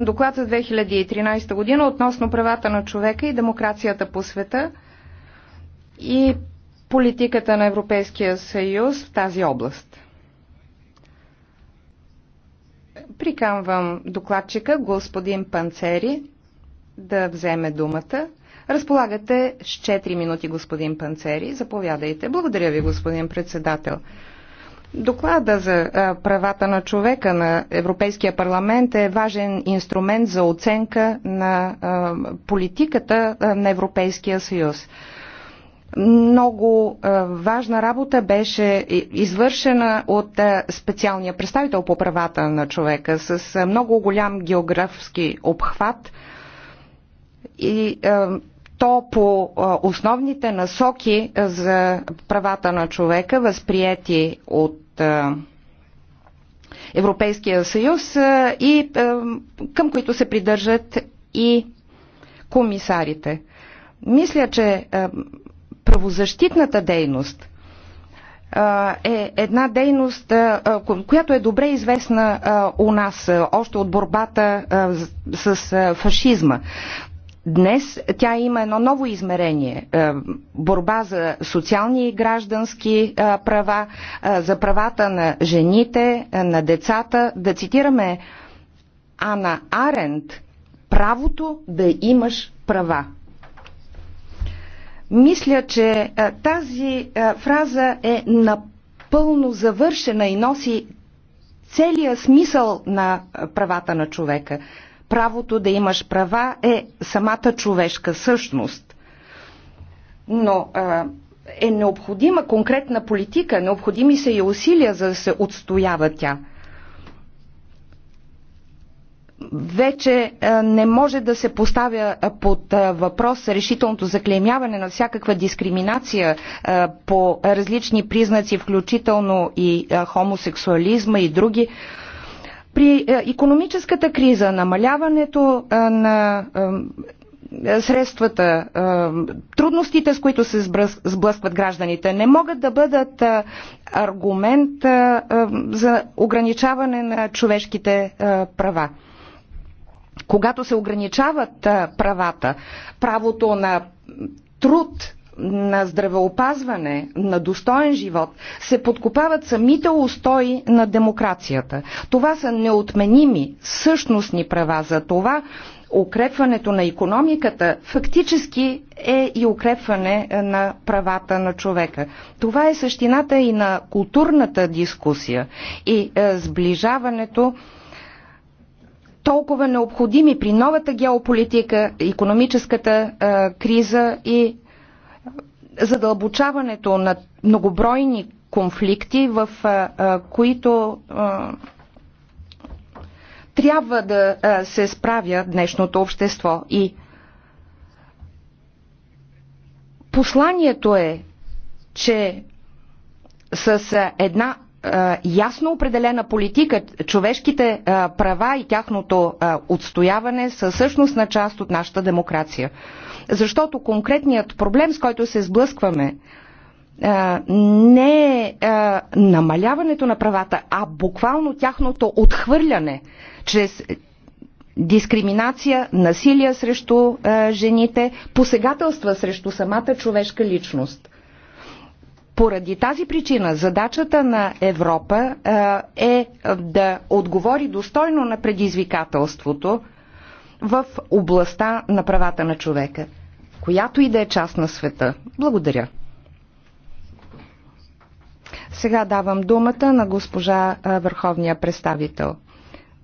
Доклад за 2013 година относно правата на човека и демокрацията по света и политиката на Европейския съюз в тази област. Приканвам докладчика, господин Панцери, да вземе думата. Разполагате с 4 минути, господин Панцери. Заповядайте. Благодаря ви, господин председател. Доклада за правата на човека на Европейския парламент е важен инструмент за оценка на политиката на Европейския съюз. Много важна работа беше извършена от специалния представител по правата на човека с много голям географски обхват и то по основните насоки за правата на човека, възприяти от Европейския съюз и към които се придържат и комисарите. Мисля, че правозащитната дейност е една дейност, която е добре известна у нас, още от борбата с фашизма. Днес тя има едно ново измерение е, борба за социални и граждански е, права, е, за правата на жените, на децата. Да цитираме Ана Аренд правото да имаш права. Мисля, че тази фраза е напълно завършена и носи целия смисъл на правата на човека. Правото да имаш права е самата човешка същност. Но е необходима конкретна политика, необходими са и усилия за да се отстоява тя. Вече не може да се поставя под въпрос решителното заклеймяване на всякаква дискриминация по различни признаци, включително и хомосексуализма и други. При економическата криза, намаляването е, на е, е, средствата, трудностите, с които се сблъскват гражданите, не могат да бъдат аргумент за ограничаване на човешките права. Когато се ограничават правата, правото на труд, на здравеопазване, на достоен живот, се подкопават самите устои на демокрацията. Това са неотменими същностни права. За това укрепването на економиката фактически е и укрепване на правата на човека. Това е същината и на културната дискусия и е, сближаването толкова необходими при новата геополитика, економическата е, криза и задълбочаването на многобройни конфликти, в които трябва да се справя днешното общество. И посланието е, че с една ясно определена политика, човешките права и тяхното отстояване са същност на част от нашата демокрация защото конкретният проблем, с който се сблъскваме, не е намаляването на правата, а буквално тяхното отхвърляне чрез дискриминация, насилие срещу жените, посегателства срещу самата човешка личност. Поради тази причина задачата на Европа е да отговори достойно на предизвикателството в областта на правата на човека, която и да е част на света. Благодаря. Сега давам думата на госпожа Върховния представител.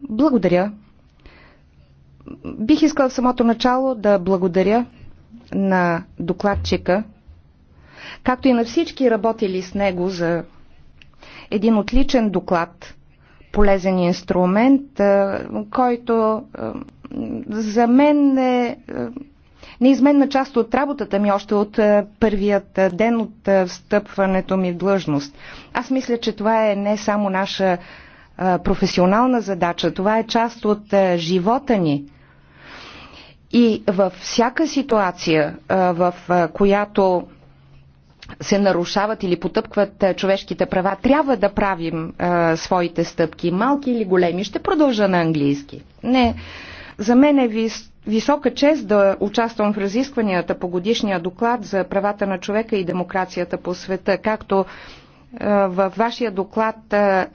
Благодаря. Бих искала в самото начало да благодаря на докладчика, както и на всички работили с него за един отличен доклад, полезен инструмент, който за мен е, е неизменна част от работата ми още от е, първият ден от е, встъпването ми в длъжност. Аз мисля, че това е не само наша професионална задача, това е част от живота ни. И във всяка ситуация, в която се нарушават или потъпкват човешките права, трябва да правим своите стъпки, малки или големи. Ще продължа на английски. Не, за мен е вис, висока чест да участвам в разискванията по годишния доклад за правата на човека и демокрацията по света, както е, във вашия доклад е, е,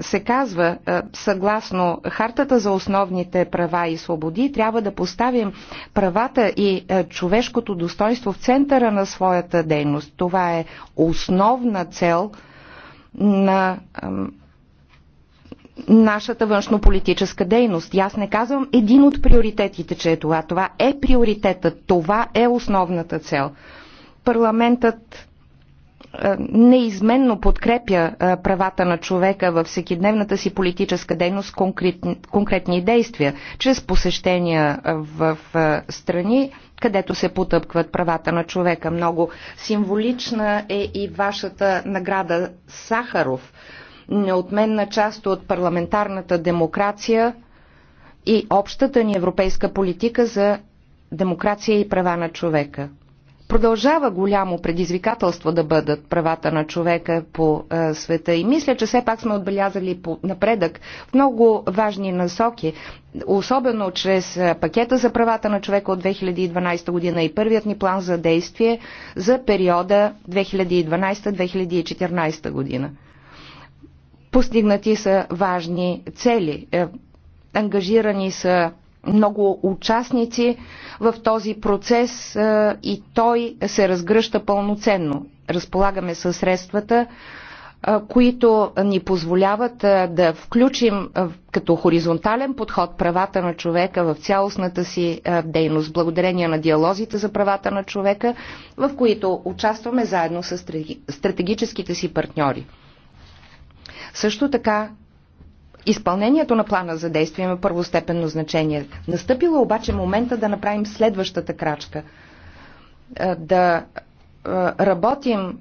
се казва, съгласно Хартата за основните права и свободи, трябва да поставим правата и човешкото достоинство в центъра на своята дейност. Това е основна цел на нашата външнополитическа дейност. И аз не казвам един от приоритетите, че е това. Това е приоритетът. Това е основната цел. Парламентът неизменно подкрепя правата на човека във всекидневната си политическа дейност конкретни, конкретни действия, чрез посещения в страни, където се потъпкват правата на човека. Много символична е и вашата награда Сахаров – неотменна част от парламентарната демокрация и общата ни европейска политика за демокрация и права на човека. Продължава голямо предизвикателство да бъдат правата на човека по е, света и мисля, че все пак сме отбелязали по напредък в много важни насоки, особено чрез е, пакета за правата на човека от 2012 година и първият ни план за действие за периода 2012-2014 година. Постигнати са важни цели. Е, ангажирани са много участници в този процес е, и той се разгръща пълноценно. Разполагаме със средствата, е, които ни позволяват да включим като хоризонтален подход правата на човека в цялостната си дейност, благодарение на диалозите за правата на човека, в които участваме заедно с стратегическите си партньори. Също така, изпълнението на плана за действие има първостепенно значение. Настъпило е обаче момента да направим следващата крачка. Е, да е, работим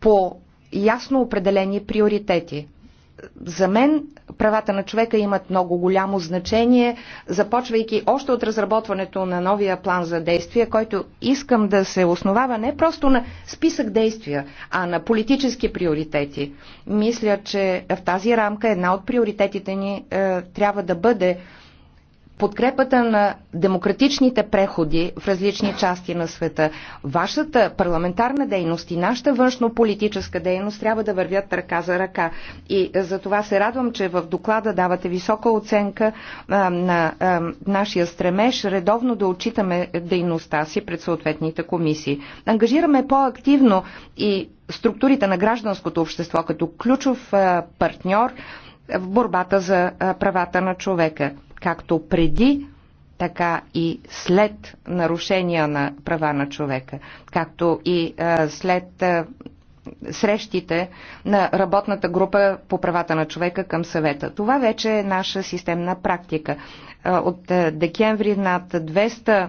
по ясно определени приоритети за мен правата на човека имат много голямо значение, започвайки още от разработването на новия план за действие, който искам да се основава не просто на списък действия, а на политически приоритети. Мисля, че в тази рамка една от приоритетите ни е, трябва да бъде подкрепата на демократичните преходи в различни части на света. Вашата парламентарна дейност и нашата външно-политическа дейност трябва да вървят ръка за ръка. И за това се радвам, че в доклада давате висока оценка а, на а, нашия стремеж редовно да отчитаме дейността си пред съответните комисии. Ангажираме по-активно и структурите на гражданското общество като ключов а, партньор в борбата за правата на човека както преди, така и след нарушения на права на човека, както и е, след е, срещите на работната група по правата на човека към съвета. Това вече е наша системна практика. Е, от декември над 200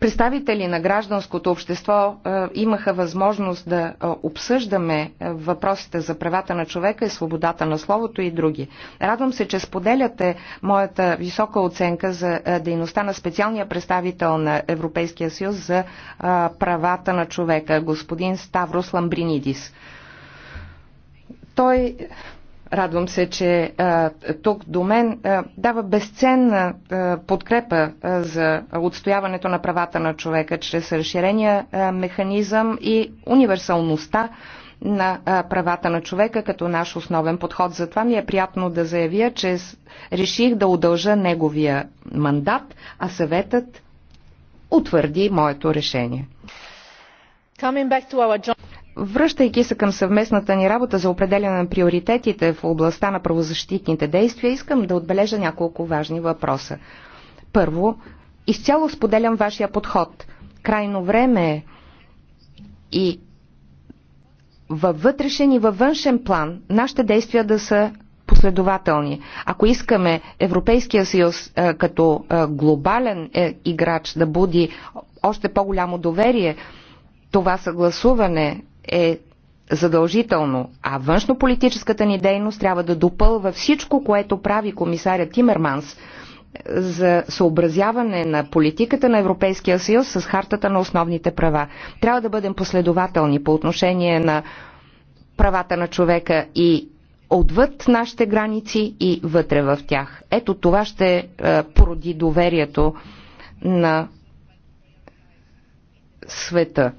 представители на гражданското общество е, имаха възможност да е, обсъждаме е, въпросите за правата на човека и свободата на словото и други. Радвам се, че споделяте моята висока оценка за дейността на специалния представител на Европейския съюз за правата на човека, господин Ставрос Ламбринидис. Той Радвам се, че а, тук до мен а, дава безценна а, подкрепа а, за отстояването на правата на човека чрез разширения а, механизъм и универсалността на а, правата на човека като наш основен подход. Затова ми е приятно да заявя, че реших да удължа неговия мандат, а съветът утвърди моето решение. Връщайки се към съвместната ни работа за определяне на приоритетите в областта на правозащитните действия, искам да отбележа няколко важни въпроса. Първо, изцяло споделям вашия подход. Крайно време е и във вътрешен и във външен план нашите действия да са последователни. Ако искаме Европейския съюз е, като е, глобален е, играч да буди още по-голямо доверие, това съгласуване е задължително, а външнополитическата ни дейност трябва да допълва всичко, което прави комисаря Тимерманс е, за съобразяване на политиката на Европейския съюз с хартата на основните права. Трябва да бъдем последователни по отношение на правата на човека и отвъд нашите граници и вътре в тях. Ето това ще е, породи доверието на света.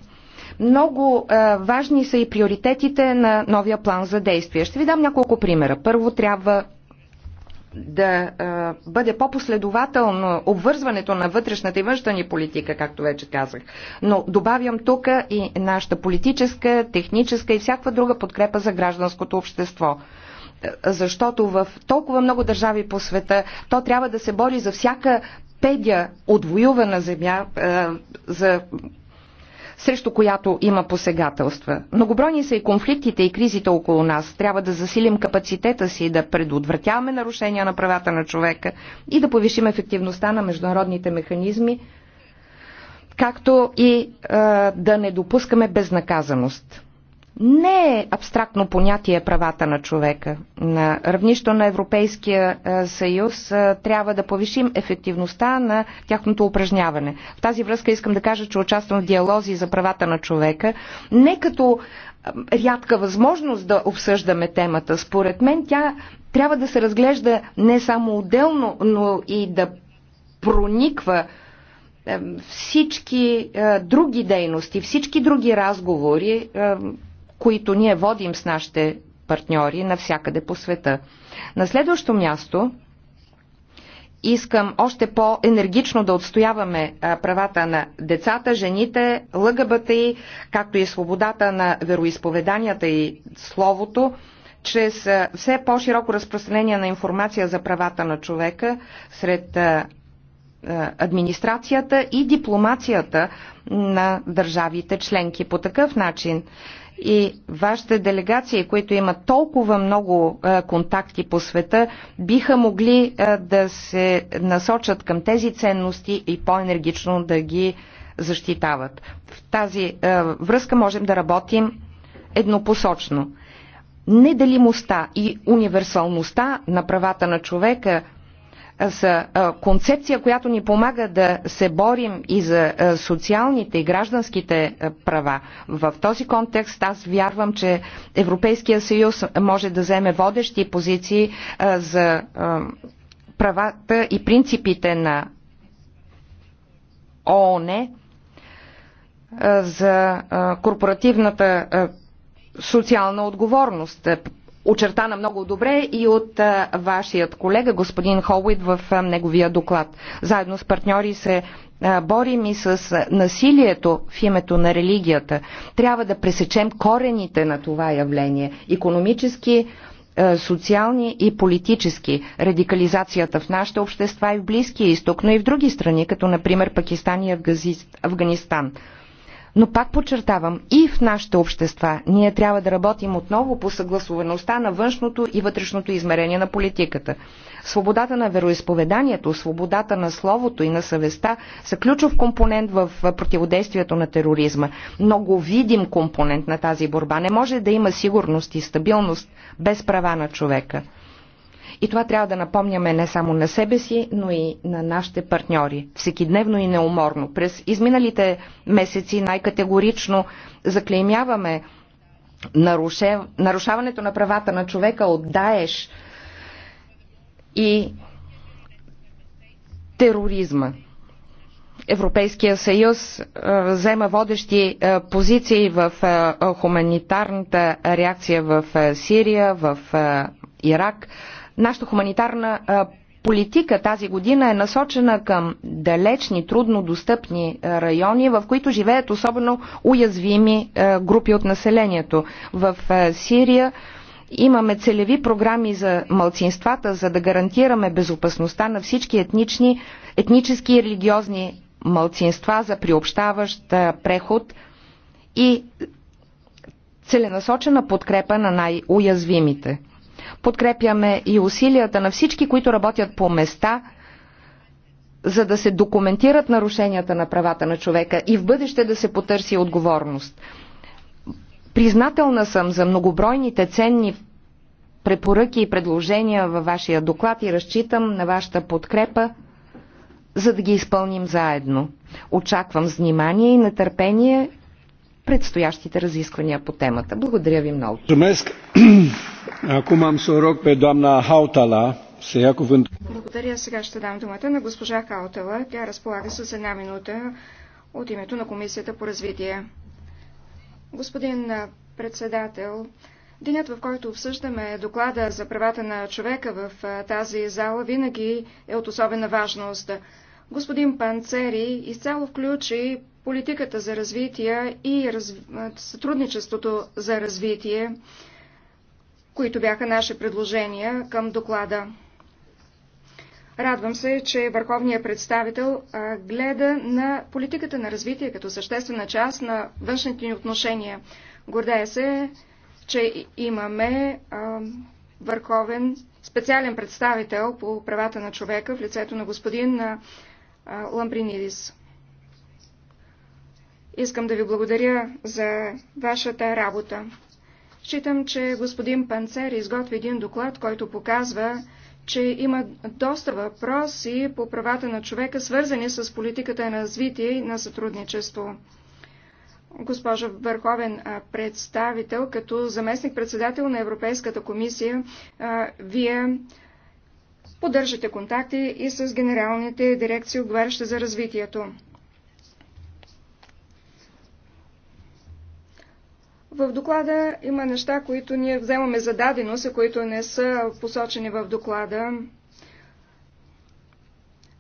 Много а, е, важни са и приоритетите на новия план за действие. Ще ви дам няколко примера. Първо трябва да а, е, бъде по-последователно обвързването на вътрешната и външна ни политика, както вече казах. Но добавям тук и нашата политическа, техническа и всякаква друга подкрепа за гражданското общество е, защото в толкова много държави по света то трябва да се бори за всяка педя отвоювана земя, за срещу която има посегателства. Многобройни са и конфликтите и кризите около нас. Трябва да засилим капацитета си, да предотвратяваме нарушения на правата на човека и да повишим ефективността на международните механизми, както и е, да не допускаме безнаказаност не е абстрактно понятие правата на човека. На равнището на Европейския е, съюз е, трябва да повишим ефективността на тяхното упражняване. В тази връзка искам да кажа, че участвам в диалози за правата на човека, не като е, рядка възможност да обсъждаме темата. Според мен тя трябва да се разглежда не само отделно, но и да прониква всички други дейности, всички други разговори, които ние водим с нашите партньори навсякъде по света. На следващо място искам още по-енергично да отстояваме правата на децата, жените, лъгъбата и, както и свободата на вероисповеданията и словото, чрез все по-широко разпространение на информация за правата на човека сред администрацията и дипломацията на държавите членки. По такъв начин и вашите делегации, които имат толкова много е, контакти по света, биха могли е, да се насочат към тези ценности и по-енергично да ги защитават. В тази е, връзка можем да работим еднопосочно. Неделимостта и универсалността на правата на човека са концепция, която ни помага да се борим и за социалните и гражданските права. В този контекст аз вярвам, че Европейския съюз може да вземе водещи позиции за правата и принципите на ООН за корпоративната социална отговорност очертана много добре и от а, вашият колега господин Холуид в а, неговия доклад. Заедно с партньори се а, борим и с насилието в името на религията. Трябва да пресечем корените на това явление. Економически, социални и политически. Радикализацията в нашите общества и в Близкия изток, но и в други страни, като например Пакистан и Афганистан. Но пак подчертавам, и в нашите общества ние трябва да работим отново по съгласуваността на външното и вътрешното измерение на политиката. Свободата на вероисповеданието, свободата на словото и на съвестта са ключов компонент в противодействието на тероризма. Много видим компонент на тази борба. Не може да има сигурност и стабилност без права на човека. И това трябва да напомняме не само на себе си, но и на нашите партньори. Всекидневно и неуморно. През изминалите месеци най-категорично заклеймяваме нарушаването на правата на човека от Даеш и тероризма. Европейския съюз е, взема водещи е, позиции в е, хуманитарната реакция в Сирия, в Ирак. Нашата хуманитарна политика тази година е насочена към далечни, труднодостъпни райони, в които живеят особено уязвими групи от населението. В Сирия имаме целеви програми за малцинствата, за да гарантираме безопасността на всички етнични, етнически и религиозни малцинства за приобщаващ преход и целенасочена подкрепа на най-уязвимите. Подкрепяме и усилията на всички, които работят по места, за да се документират нарушенията на правата на човека и в бъдеще да се потърси отговорност. Признателна съм за многобройните ценни препоръки и предложения във вашия доклад и разчитам на вашата подкрепа, за да ги изпълним заедно. Очаквам внимание и нетърпение предстоящите разисквания по темата. Благодаря ви много. Благодаря. Сега ще дам думата на госпожа Хаутала. Тя разполага с една минута от името на Комисията по развитие. Господин председател, денят в който обсъждаме доклада за правата на човека в тази зала винаги е от особена важност. Господин Панцери изцяло включи политиката за развитие и раз... сътрудничеството за развитие, които бяха наши предложения към доклада. Радвам се, че върховният представител гледа на политиката на развитие като съществена част на външните ни отношения. Гордея се, че имаме върховен специален представител по правата на човека в лицето на господин Ламбринидис. Искам да ви благодаря за вашата работа. Считам, че господин Панцер изготви един доклад, който показва, че има доста въпроси по правата на човека, свързани с политиката на развитие и на сътрудничество. Госпожа Върховен представител, като заместник-председател на Европейската комисия, вие поддържате контакти и с генералните дирекции, отговарящи за развитието. В доклада има неща, които ние вземаме за даденост, които не са посочени в доклада.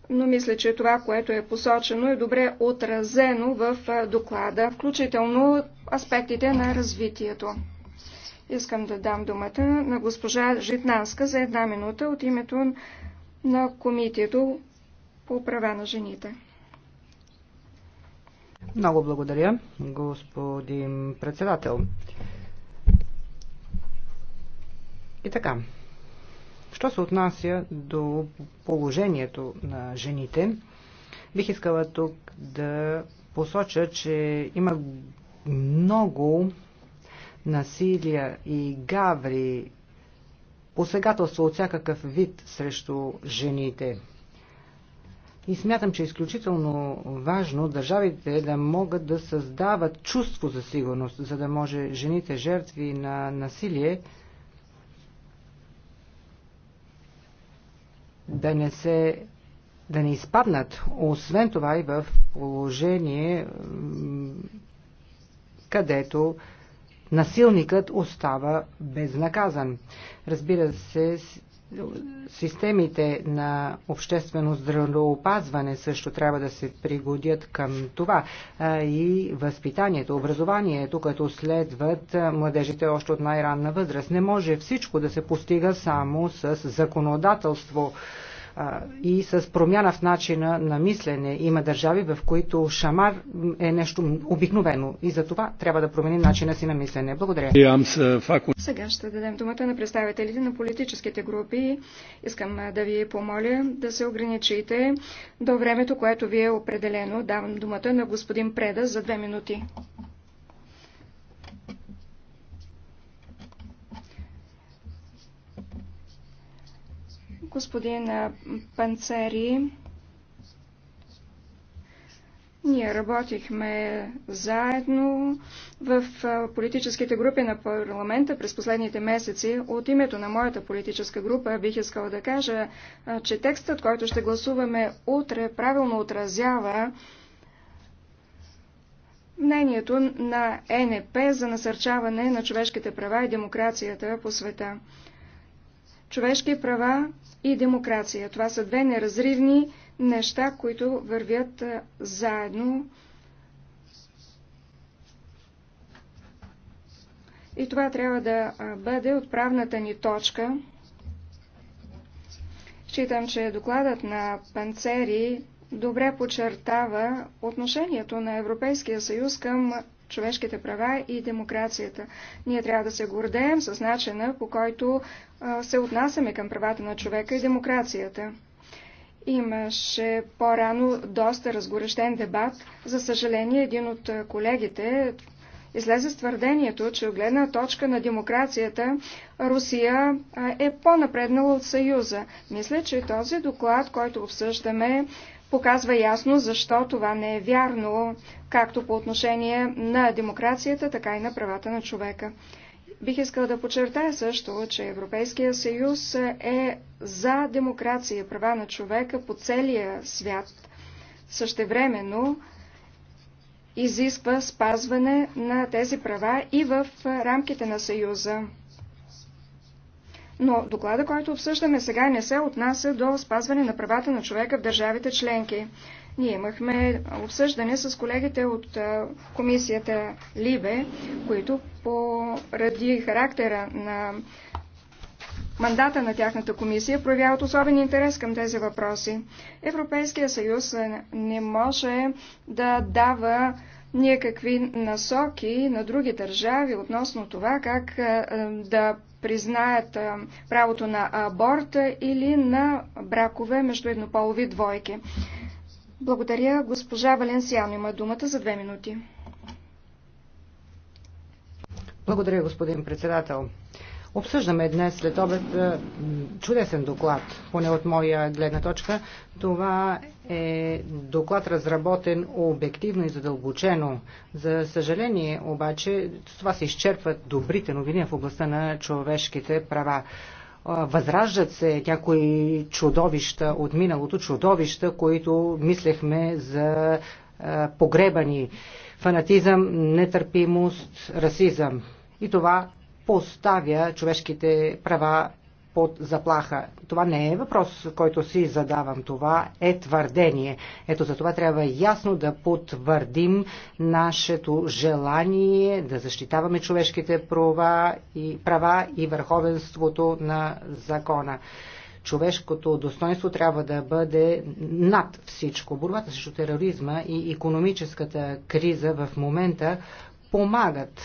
Но мисля, че това, което е посочено, е добре отразено в доклада, включително аспектите на развитието. Искам да дам думата на госпожа Житнанска за една минута от името на Комитето по права на жените. Много благодаря, господин председател. И така, що се отнася до положението на жените, бих искала тук да посоча, че има много насилия и гаври, посегателство от всякакъв вид срещу жените – и смятам, че е изключително важно държавите да могат да създават чувство за сигурност, за да може жените жертви на насилие да не се да не изпаднат, освен това и в положение, където насилникът остава безнаказан. Разбира се, Системите на обществено здравеопазване също трябва да се пригодят към това и възпитанието, образованието, като следват младежите още от най-ранна възраст. Не може всичко да се постига само с законодателство и с промяна в начина на мислене. Има държави, в които шамар е нещо обикновено и за това трябва да променим начина си на мислене. Благодаря. Сега ще дадем думата на представителите на политическите групи. Искам да ви помоля да се ограничите до времето, което ви е определено. Давам думата на господин Преда за две минути. господин Панцери. Ние работихме заедно в политическите групи на парламента през последните месеци. От името на моята политическа група бих искала да кажа, че текстът, който ще гласуваме утре, правилно отразява мнението на ЕНП за насърчаване на човешките права и демокрацията по света. Човешки права и демокрация. Това са две неразривни неща, които вървят заедно. И това трябва да бъде отправната ни точка. Считам, че докладът на Панцери добре подчертава отношението на Европейския съюз към човешките права и демокрацията. Ние трябва да се гордеем с начина, по който се отнасяме към правата на човека и демокрацията. Имаше по-рано доста разгорещен дебат. За съжаление, един от колегите излезе с твърдението, че от гледна точка на демокрацията Русия е по-напреднала от Съюза. Мисля, че този доклад, който обсъждаме, показва ясно защо това не е вярно както по отношение на демокрацията, така и на правата на човека. Бих искал да подчертая също, че Европейския съюз е за демокрация, права на човека по целия свят. Същевременно изисква спазване на тези права и в рамките на Съюза. Но доклада, който обсъждаме сега, не се отнася до спазване на правата на човека в държавите членки. Ние имахме обсъждане с колегите от комисията Либе, които поради характера на мандата на тяхната комисия проявяват особен интерес към тези въпроси. Европейския съюз не може да дава никакви насоки на други държави относно това как да признаят правото на аборт или на бракове между еднополови двойки. Благодаря. Госпожа Валенсиано има думата за две минути. Благодаря, господин председател. Обсъждаме днес след обед е, чудесен доклад, поне от моя гледна точка. Това е доклад разработен обективно и задълбочено. За съжаление обаче, това се изчерпват добрите новини в областта на човешките права. Възраждат се някои чудовища от миналото, чудовища, които мислехме за погребани. Фанатизъм, нетърпимост, расизъм. И това поставя човешките права под заплаха. Това не е въпрос, който си задавам. Това е твърдение. Ето за това трябва ясно да потвърдим нашето желание да защитаваме човешките права и, права и върховенството на закона. Човешкото достоинство трябва да бъде над всичко. Борбата срещу тероризма и економическата криза в момента помагат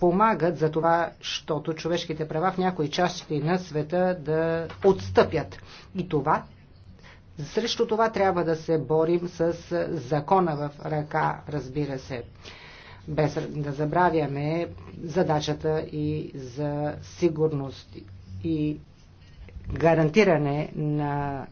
помагат за това, защото човешките права в някои части на света да отстъпят. И това срещу това трябва да се борим с закона в ръка, разбира се. Без да забравяме задачата и за сигурност и гарантиране на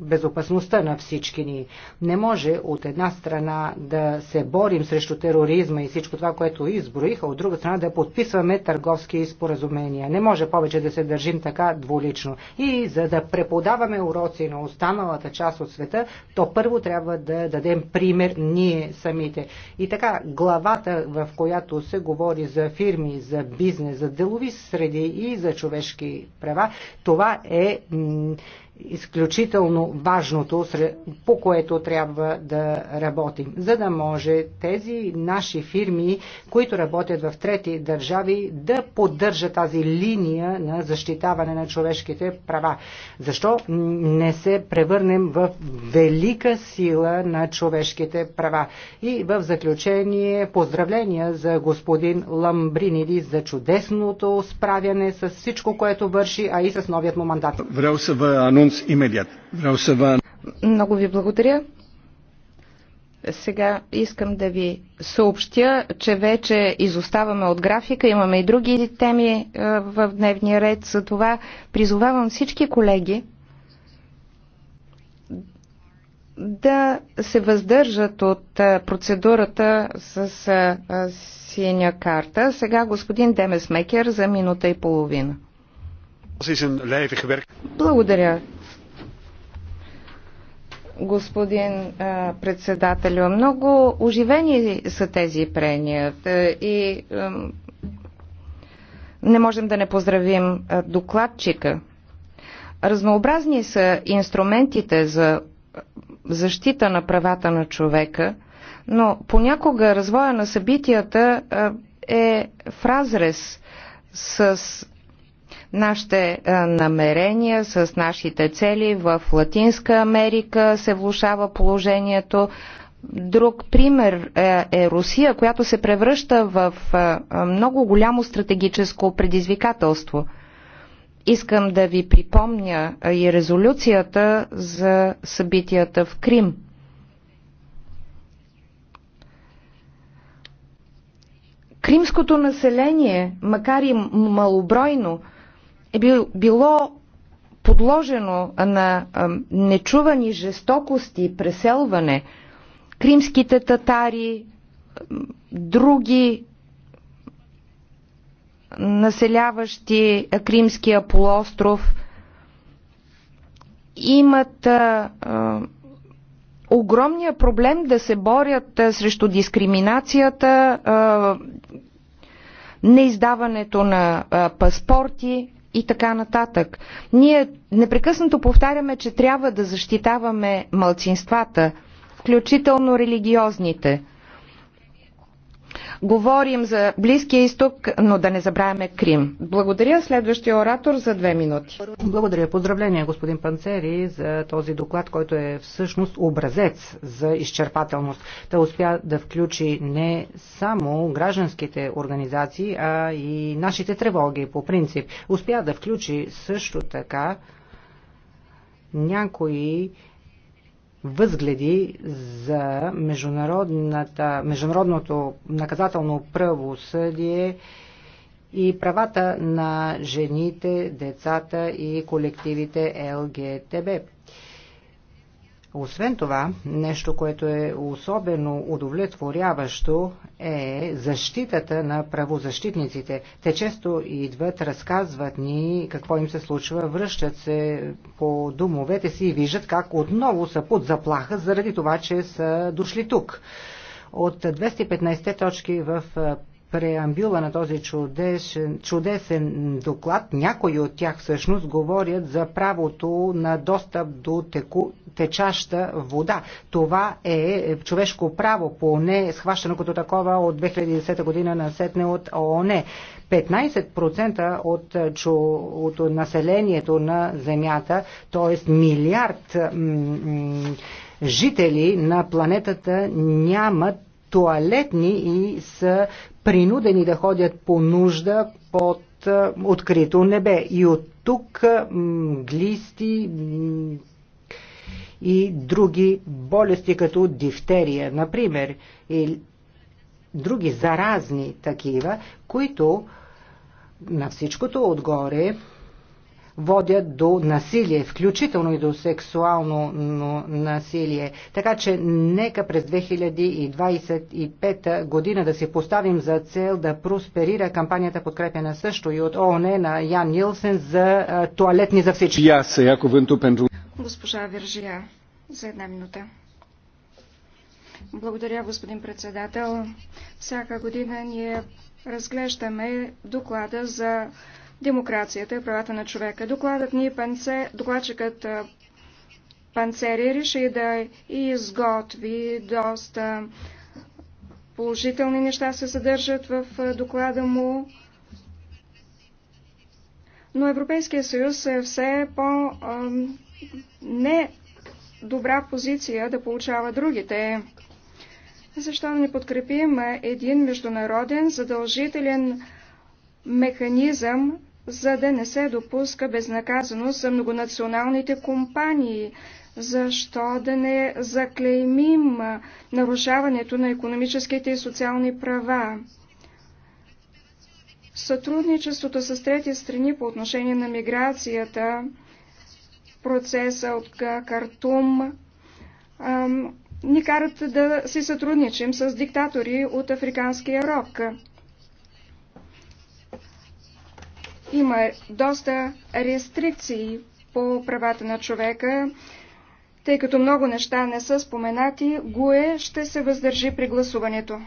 безопасността на всички ни. Не може от една страна да се борим срещу тероризма и всичко това, което изброиха, от друга страна да подписваме търговски споразумения. Не може повече да се държим така дволично. И за да преподаваме уроци на останалата част от света, то първо трябва да дадем пример ние самите. И така, главата, в която се говори за фирми, за бизнес, за делови среди и за човешки права, това е изключително важното, по което трябва да работим, за да може тези наши фирми, които работят в трети държави, да поддържат тази линия на защитаване на човешките права. Защо не се превърнем в велика сила на човешките права? И в заключение поздравления за господин Ламбриниди за чудесното справяне с всичко, което върши, а и с новият му мандат. Врел се в... Vreau să vă... Много ви благодаря. Сега искам да ви съобщя, че вече изоставаме от графика, имаме и други теми е, в дневния ред. За това призовавам всички колеги да се въздържат от е, процедурата с е, синя карта. Сега господин Демес Мекер за минута и половина. Благодаря. Господин председател, много оживени са тези прения и не можем да не поздравим докладчика. Разнообразни са инструментите за защита на правата на човека, но понякога развоя на събитията е в разрез с Нашите намерения с нашите цели в Латинска Америка се влушава положението. Друг пример е, е Русия, която се превръща в много голямо стратегическо предизвикателство. Искам да ви припомня и резолюцията за събитията в Крим. Кримското население, макар и малобройно, е било подложено на нечувани жестокости, и преселване. Кримските татари, други населяващи Кримския полуостров имат а, а, огромния проблем да се борят а, срещу дискриминацията, а, неиздаването на а, паспорти, и така нататък. Ние непрекъснато повтаряме, че трябва да защитаваме мълцинствата, включително религиозните. Говорим за Близкия изток, но да не забравяме Крим. Благодаря. Следващия оратор за две минути. Благодаря. Поздравления, господин Панцери, за този доклад, който е всъщност образец за изчерпателност. Та успя да включи не само гражданските организации, а и нашите тревоги по принцип. Успя да включи също така някои възгледи за международното наказателно правосъдие и правата на жените, децата и колективите ЛГТБ. Освен това, нещо, което е особено удовлетворяващо е защитата на правозащитниците. Те често идват, разказват ни какво им се случва, връщат се по домовете си и виждат как отново са под заплаха заради това, че са дошли тук. От 215 точки в преамбюла на този чудесен, чудесен доклад, някои от тях всъщност говорят за правото на достъп до теку, течаща вода. Това е човешко право, поне схващано като такова от 2010 година на сетне от ООН. 15% от, чу, от населението на Земята, т.е. милиард жители на планетата нямат туалетни и са принудени да ходят по нужда под открито небе. И от тук глисти и други болести, като дифтерия, например, и други заразни такива, които на всичкото отгоре водят до насилие, включително и до сексуално насилие. Така че нека през 2025 година да си поставим за цел да просперира кампанията подкрепена също и от ООН на Ян Нилсен за туалетни за всички. Госпожа Виржия, за една минута. Благодаря, господин председател. Всяка година ние разглеждаме доклада за демокрацията и правата на човека. Докладът ни панце, докладчикът Панцери реши да изготви доста положителни неща се съдържат в доклада му, но Европейския съюз е все по не добра позиция да получава другите. Защо да не подкрепим един международен задължителен механизъм за да не се допуска безнаказано за многонационалните компании. Защо да не заклеймим нарушаването на економическите и социални права? Сътрудничеството с трети страни по отношение на миграцията, процеса от Картум, ни карат да си сътрудничим с диктатори от Африканския рок. Има доста рестрикции по правата на човека. Тъй като много неща не са споменати, ГУЕ ще се въздържи при гласуването.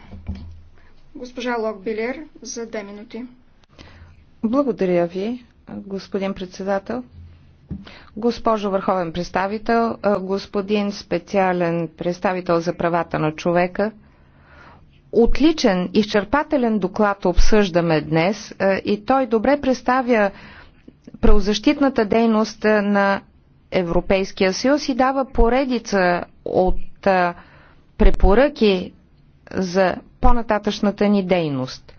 Госпожа Локбилер за две минути. Благодаря ви, господин председател. Госпожо Върховен представител, господин специален представител за правата на човека, отличен, изчерпателен доклад обсъждаме днес е, и той добре представя правозащитната дейност е, на Европейския съюз и дава поредица от е, препоръки за по-нататъчната ни дейност.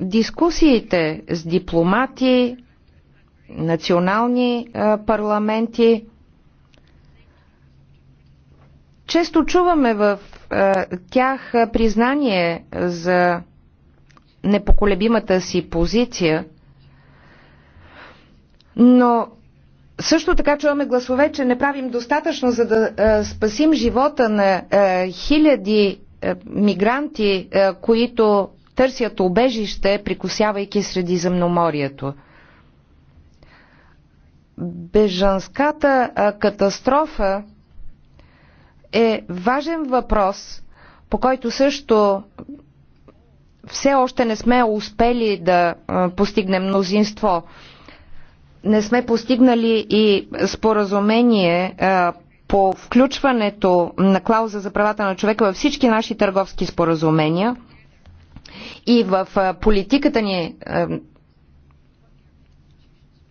Дискусиите с дипломати, национални парламенти – често чуваме в е, тях признание за непоколебимата си позиция, но също така чуваме гласове, че не правим достатъчно за да е, спасим живота на е, хиляди мигранти, които търсят обежище, прикосявайки Средиземноморието. Бежанската катастрофа е важен въпрос, по който също все още не сме успели да постигнем мнозинство. Не сме постигнали и споразумение по включването на клауза за правата на човека във всички наши търговски споразумения и в политиката ни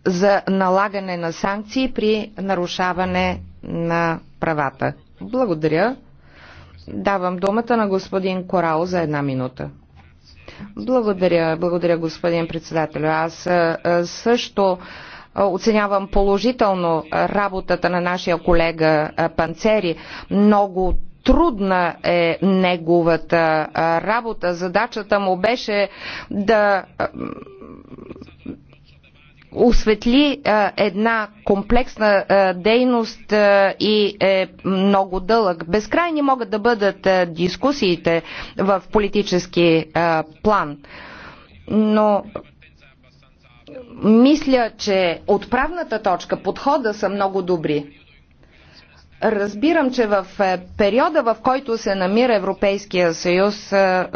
за налагане на санкции при нарушаване на правата. Благодаря. Давам думата на господин Корал за една минута. Благодаря, благодаря господин председател. Аз също оценявам положително работата на нашия колега Панцери. Много трудна е неговата работа. Задачата му беше да осветли една комплексна дейност и е много дълъг. Безкрайни могат да бъдат дискусиите в политически план. Но мисля, че отправната точка, подхода са много добри. Разбирам, че в е, периода, в който се намира Европейския съюз, е, е,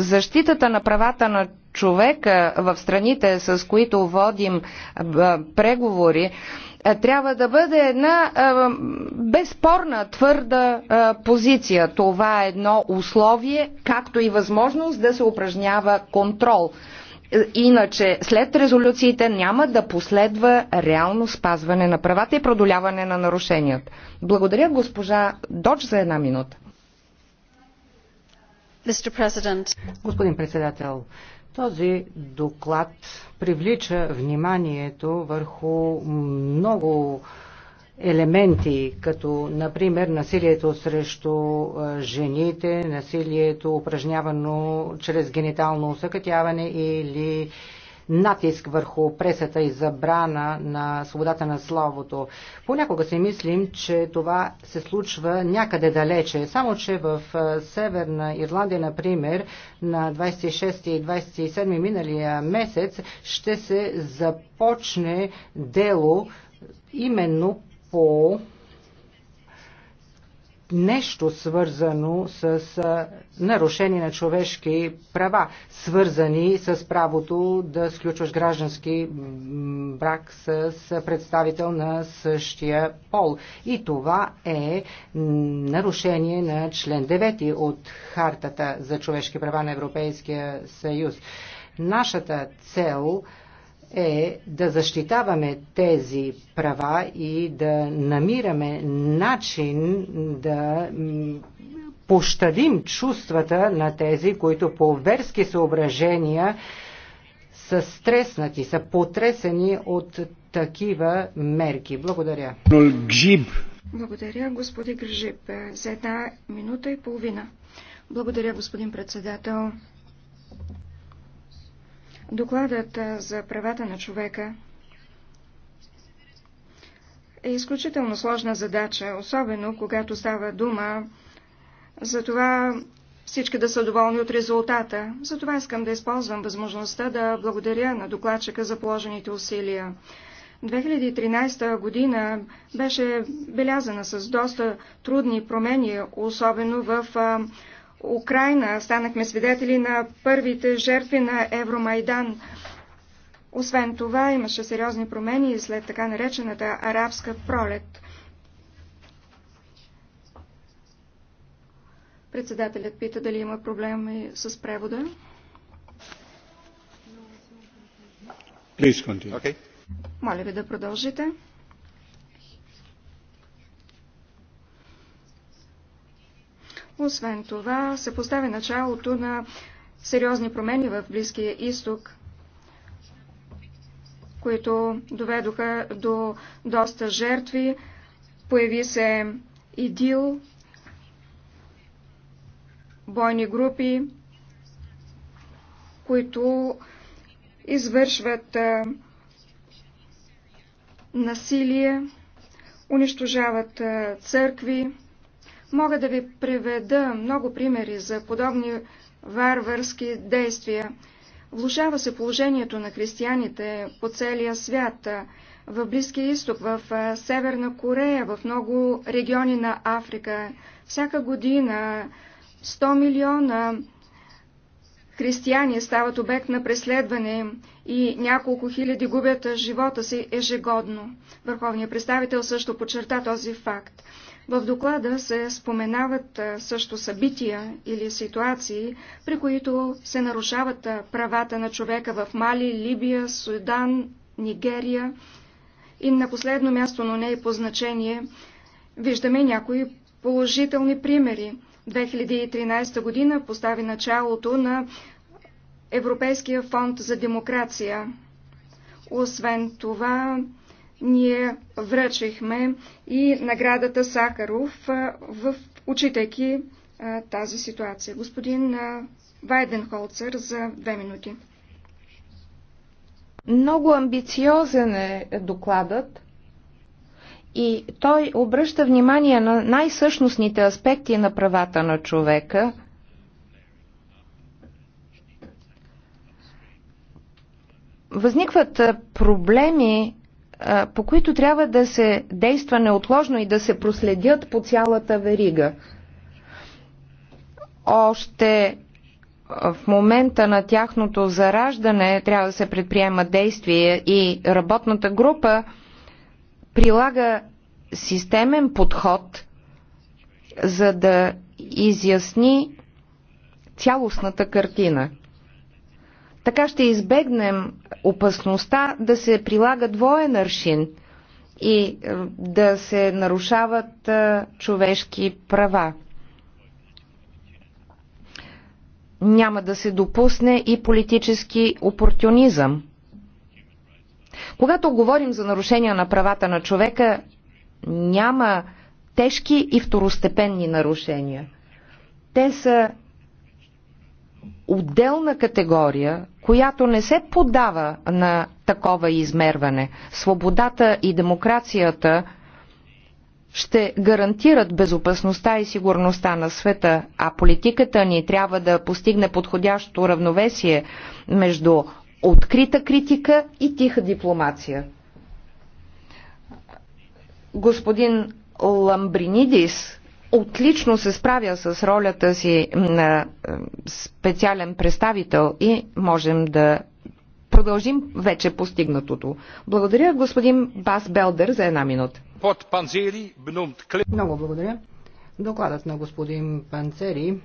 защитата на правата на човека в страните, с които водим преговори, трябва да бъде една безспорна, твърда позиция. Това е едно условие, както и възможност да се упражнява контрол. Иначе след резолюциите няма да последва реално спазване на правата и продоляване на нарушенията. Благодаря госпожа Додж за една минута. Господин председател, този доклад привлича вниманието върху много елементи, като например насилието срещу жените, насилието упражнявано чрез генитално усъкътяване или натиск върху пресата и забрана на свободата на словото. Понякога си мислим, че това се случва някъде далече. Само, че в Северна Ирландия, например, на 26 и 27 миналия месец ще се започне дело именно по нещо свързано с нарушение на човешки права, свързани с правото да сключваш граждански брак с представител на същия пол. И това е нарушение на член 9 от Хартата за човешки права на Европейския съюз. Нашата цел е е да защитаваме тези права и да намираме начин да пощадим чувствата на тези, които по верски съображения са стреснати, са потресени от такива мерки. Благодаря. Благодаря, господин Гржип, за една минута и половина. Благодаря, господин председател. Докладът за правата на човека е изключително сложна задача, особено когато става дума за това всички да са доволни от резултата. Затова искам да използвам възможността да благодаря на докладчика за положените усилия. 2013 година беше белязана с доста трудни промени, особено в Украина станахме свидетели на първите жертви на Евромайдан. Освен това, имаше сериозни промени след така наречената арабска пролет. Председателят пита дали има проблеми с превода. Okay. Моля ви да продължите. Освен това, се поставя началото на сериозни промени в Близкия изток, които доведоха до доста жертви. Появи се ИДИЛ, бойни групи, които извършват насилие, унищожават църкви, Мога да ви приведа много примери за подобни варварски действия. Влушава се положението на християните по целия свят, в Близкия изток, в Северна Корея, в много региони на Африка. Всяка година 100 милиона християни стават обект на преследване и няколко хиляди губят живота си ежегодно. Върховният представител също подчерта този факт. В доклада се споменават също събития или ситуации, при които се нарушават правата на човека в Мали, Либия, Судан, Нигерия и на последно място, но не и по значение, виждаме някои положителни примери. 2013 година постави началото на Европейския фонд за демокрация. Освен това, ние връчихме и наградата Сахаров, в, учитайки тази ситуация. Господин Вайденхолцер за две минути. Много амбициозен е докладът и той обръща внимание на най-същностните аспекти на правата на човека. Възникват проблеми по които трябва да се действа неотложно и да се проследят по цялата верига. Още в момента на тяхното зараждане трябва да се предприема действие и работната група прилага системен подход, за да изясни цялостната картина. Така ще избегнем опасността да се прилага двоен аршин и е, да се нарушават е, човешки права. Няма да се допусне и политически опортунизъм. Когато говорим за нарушения на правата на човека, няма тежки и второстепенни нарушения. Те са отделна категория, която не се подава на такова измерване. Свободата и демокрацията ще гарантират безопасността и сигурността на света, а политиката ни трябва да постигне подходящото равновесие между открита критика и тиха дипломация. Господин Ламбринидис отлично се справя с ролята си на специален представител и можем да продължим вече постигнатото. Благодаря господин Бас Белдер за една минута. Много благодаря. Докладът на господин Панцери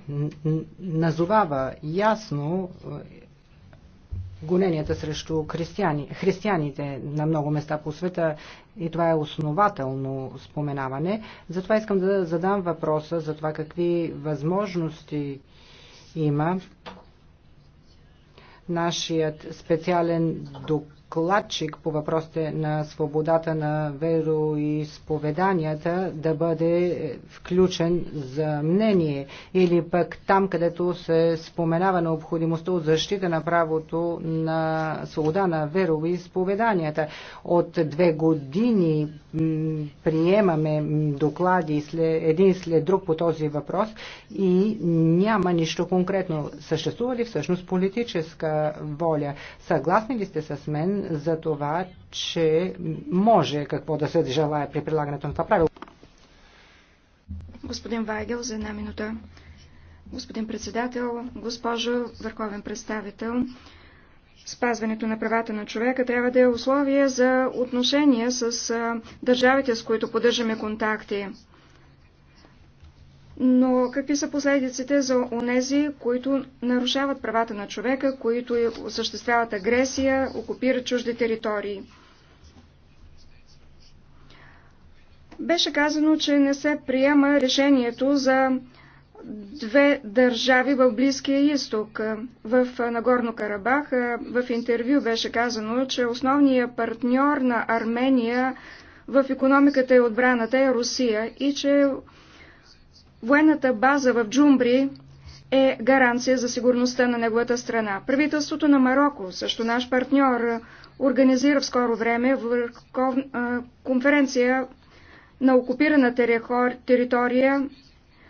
назовава ясно е, гоненията срещу християни, християните на много места по света и това е основателно споменаване. Затова искам да задам въпроса за това какви възможности има нашият специален доклад докладчик по въпросите на свободата на вероисповеданията да бъде включен за мнение или пък там, където се споменава необходимостта от защита на правото на свобода на вероисповеданията. От две години приемаме доклади един след друг по този въпрос и няма нищо конкретно. Съществува ли всъщност политическа воля? Съгласни ли сте с мен за това, че може какво да се желая при прилагането на това правило. Господин Вайгел, за една минута. Господин председател, госпожо върховен представител, спазването на правата на човека трябва да е условие за отношения с държавите, с които поддържаме контакти но какви са последиците за онези, които нарушават правата на човека, които осъществяват агресия, окупират чужди територии? Беше казано, че не се приема решението за две държави в Близкия изток. В Нагорно Карабах в интервю беше казано, че основният партньор на Армения в економиката и отбраната е Русия и че Военната база в Джумбри е гаранция за сигурността на неговата страна. Правителството на Марокко, също наш партньор, организира в скоро време конференция на окупирана територия.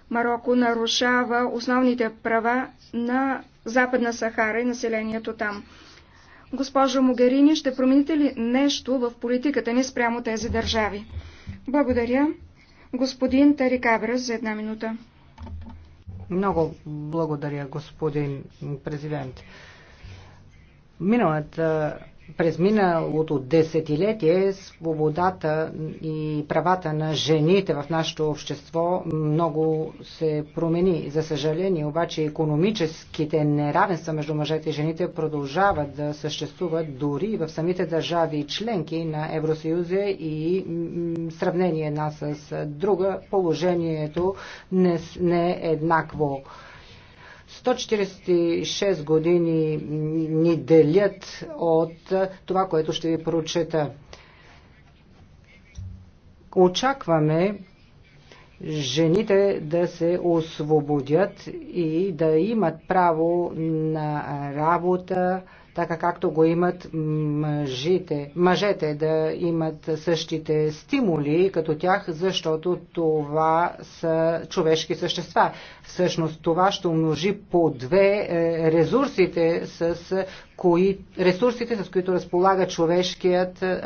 Марокко нарушава основните права на Западна Сахара и населението там. Госпожо Могерини, ще промените ли нещо в политиката ни спрямо тези държави? Благодаря. Господин Тарикабра за една минута. Много благодаря, господин президент. Миналата през миналото десетилетие свободата и правата на жените в нашето общество много се промени. За съжаление, обаче економическите неравенства между мъжете и жените продължават да съществуват дори в самите държави членки на Евросъюзе и сравнение една с друга положението не е еднакво. 146 години ни делят от това, което ще ви прочета. Очакваме жените да се освободят и да имат право на работа, така както го имат мъжите, мъжете да имат същите стимули като тях, защото това са човешки същества. Всъщност това ще умножи по две е, ресурсите, с кои, ресурсите, с които разполага човешкият е,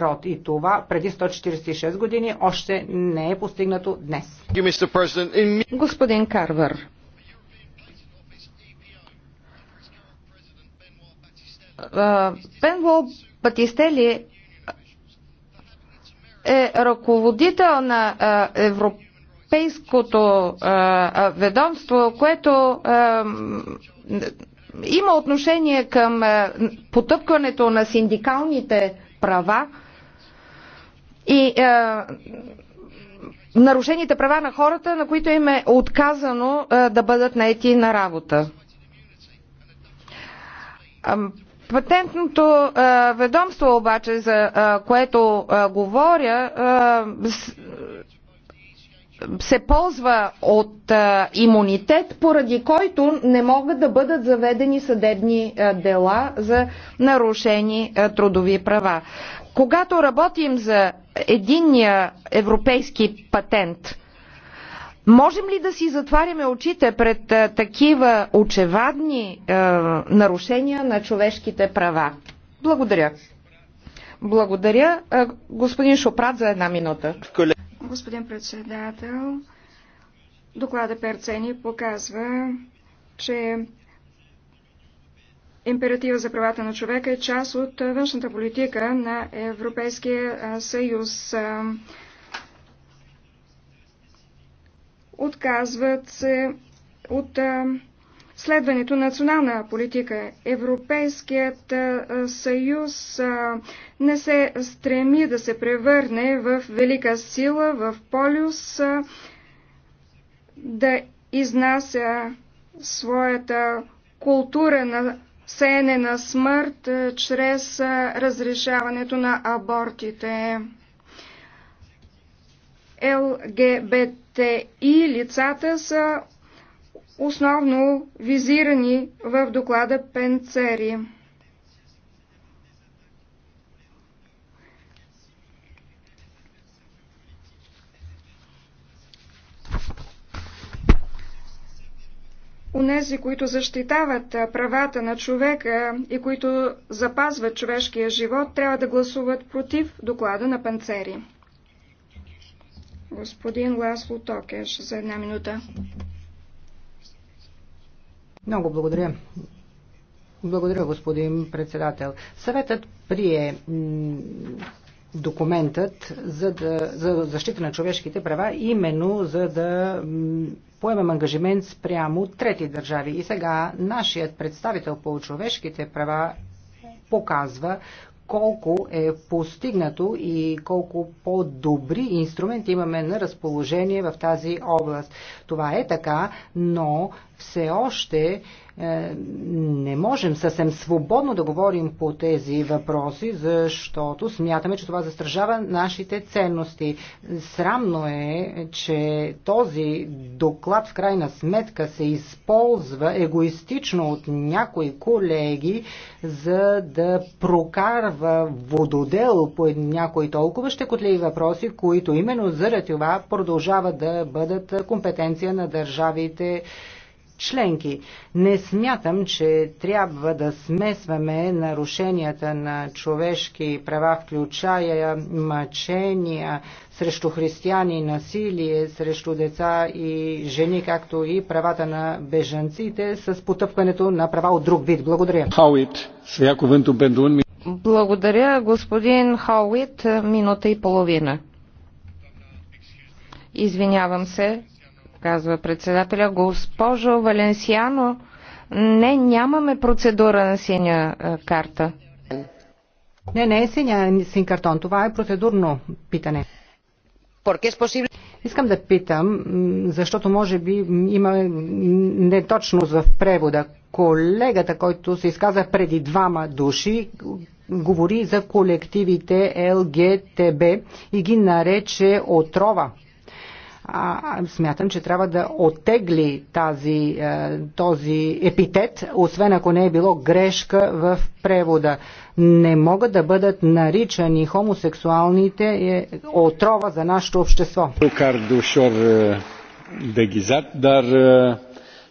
род. И това преди 146 години още не е постигнато днес. Господин Карвар, Пенло Батистели е ръководител на Европейското ведомство, което има отношение към потъпкването на синдикалните права и нарушените права на хората, на които им е отказано да бъдат наети на работа Патентното а, ведомство обаче, за а, което а, говоря, а, се ползва от а, имунитет, поради който не могат да бъдат заведени съдебни а, дела за нарушени а, трудови права. Когато работим за единния европейски патент, Можем ли да си затваряме очите пред а, такива очевадни а, нарушения на човешките права? Благодаря. Благодаря. А, господин Шопрат за една минута. Господин председател, доклада Перцени показва, че императива за правата на човека е част от външната политика на Европейския съюз. отказват се от следването на национална политика. Европейският съюз не се стреми да се превърне в велика сила, в полюс, да изнася своята култура на сеене на смърт чрез разрешаването на абортите. ЛГБТ те и лицата са основно визирани в доклада Пенцери. Унези, които защитават правата на човека и които запазват човешкия живот, трябва да гласуват против доклада на Панцери господин Ласло Токеш за една минута. Много благодаря. Благодаря, господин председател. Съветът прие документът за, да, за защита на човешките права, именно за да поемем ангажимент спрямо трети държави. И сега нашият представител по човешките права показва колко е постигнато и колко по-добри инструменти имаме на разположение в тази област. Това е така, но все още е, не можем съвсем свободно да говорим по тези въпроси, защото смятаме, че това застражава нашите ценности. Срамно е, че този доклад в крайна сметка се използва егоистично от някои колеги, за да прокарва вододел по някои толкова щекотливи въпроси, които именно заради това продължават да бъдат компетенция на държавите членки. Не смятам, че трябва да смесваме нарушенията на човешки права, включая мъчения срещу християни, насилие срещу деца и жени, както и правата на бежанците с потъпкането на права от друг вид. Благодаря. Благодаря, господин Хауит. Минута и половина. Извинявам се казва председателя. Госпожо Валенсиано, не, нямаме процедура на синя е, карта. Не, не е синя е син картон. Това е процедурно питане. Искам да питам, защото може би има неточност в превода. Колегата, който се изказа преди двама души, говори за колективите ЛГТБ и ги нарече отрова а, смятам, че трябва да оттегли тази, а, е, този епитет, освен ако не е било грешка в превода. Не могат да бъдат наричани хомосексуалните е, отрова за нашето общество. Кардушор е, дегизат, дар е,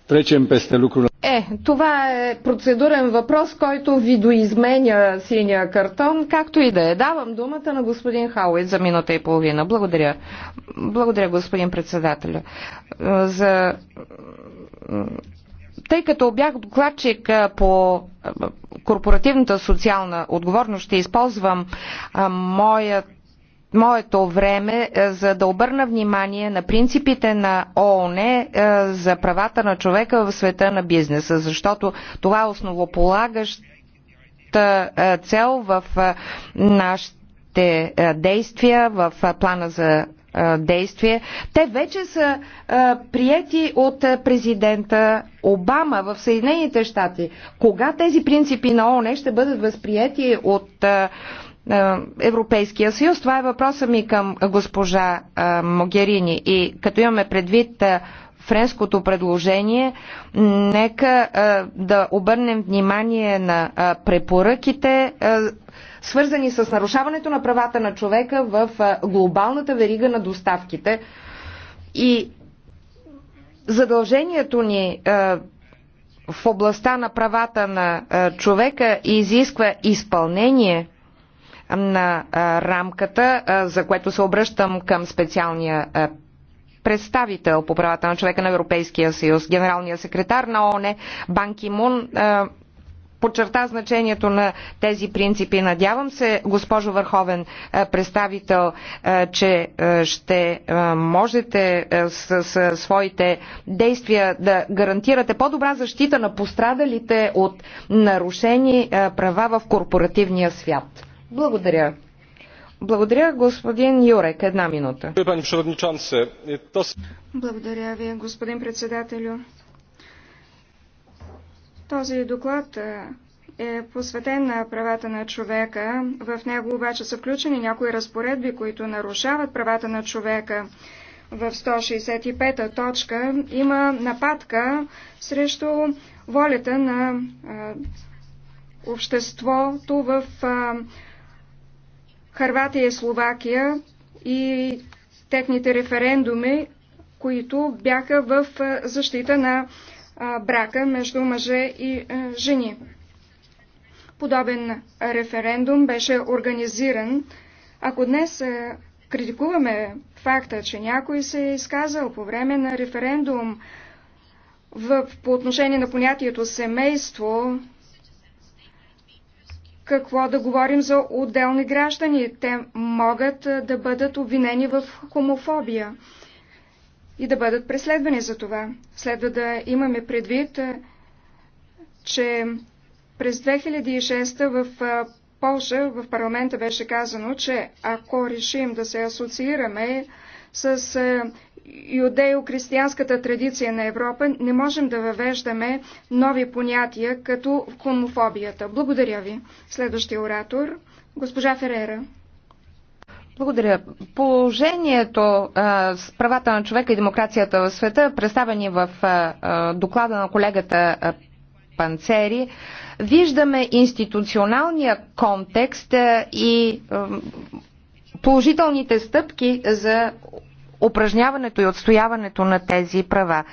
Пречем песте лукру. Е, това е процедурен въпрос, който видоизменя синия картон, както и да е. Давам думата на господин Хауит за минута и половина. Благодаря. Благодаря, господин председателя. Е, за... Тъй като бях докладчик е, по е, корпоративната социална отговорност, ще използвам моят моето време, е, за да обърна внимание на принципите на ООН е, за правата на човека в света на бизнеса, защото това е основополагаща е, цел в нашите действия, в плана за действие. Те вече са а, прияти от президента Обама в Съединените щати. Кога тези принципи на ООН ще бъдат възприяти от а, е, Европейския съюз. Това е въпроса ми към госпожа е, Могерини. И като имаме предвид е, френското предложение, нека да обърнем внимание на препоръките, свързани с нарушаването на правата на човека в глобалната верига на доставките. И задължението ни в областта на правата на човека изисква изпълнение – на рамката, за което се обръщам към специалния представител по правата на човека на Европейския съюз, генералния секретар на ОНЕ Банки Мун подчерта значението на тези принципи. Надявам се, госпожо Върховен представител, че ще можете с, с своите действия да гарантирате по-добра защита на пострадалите от нарушени права в корпоративния свят. Благодаря. Благодаря, господин Юрек. Една минута. Благодаря ви, господин председателю. Този доклад е, е посветен на правата на човека. В него обаче са включени някои разпоредби, които нарушават правата на човека. В 165-та точка има нападка срещу волята на е, обществото в е, Харватия и Словакия и техните референдуми, които бяха в защита на брака между мъже и жени. Подобен референдум беше организиран. Ако днес критикуваме факта, че някой се е изказал по време на референдум в, по отношение на понятието семейство, какво да говорим за отделни граждани. Те могат да бъдат обвинени в хомофобия и да бъдат преследвани за това. Следва да имаме предвид, че през 2006 в Полша в парламента беше казано, че ако решим да се асоциираме с юдео-християнската традиция на Европа не можем да въвеждаме нови понятия като хомофобията. Благодаря ви. Следващия оратор, госпожа Ферера. Благодаря. Положението а, с правата на човека и демокрацията в света, представени в а, а, доклада на колегата а, Панцери, виждаме институционалния контекст а, и а, положителните стъпки за упражняването и отстояването на тези права.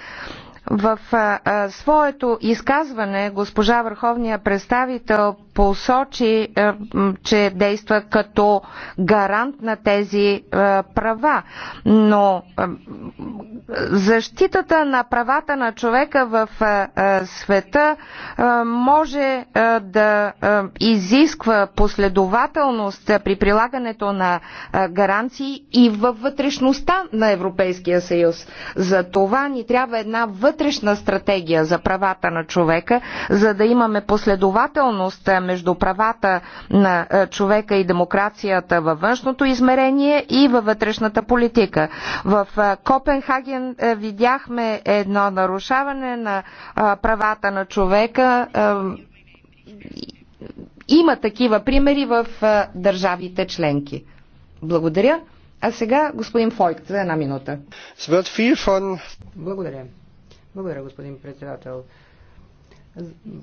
В а, а, своето изказване госпожа Върховния представител посочи, е, че действа като гарант на тези е, права. Но е, защитата на правата на човека в света може да изисква последователност при прилагането на гаранции и във вътрешността на Европейския съюз. За това ни трябва една вътрешна стратегия за правата на човека, за да имаме последователност между правата на е, човека и демокрацията във външното измерение и във вътрешната политика. В е, Копенхаген е, видяхме едно нарушаване на правата на човека. Има такива примери в държавите членки. Благодаря. А сега господин Фойк за една минута. Благодаря. Благодаря, господин председател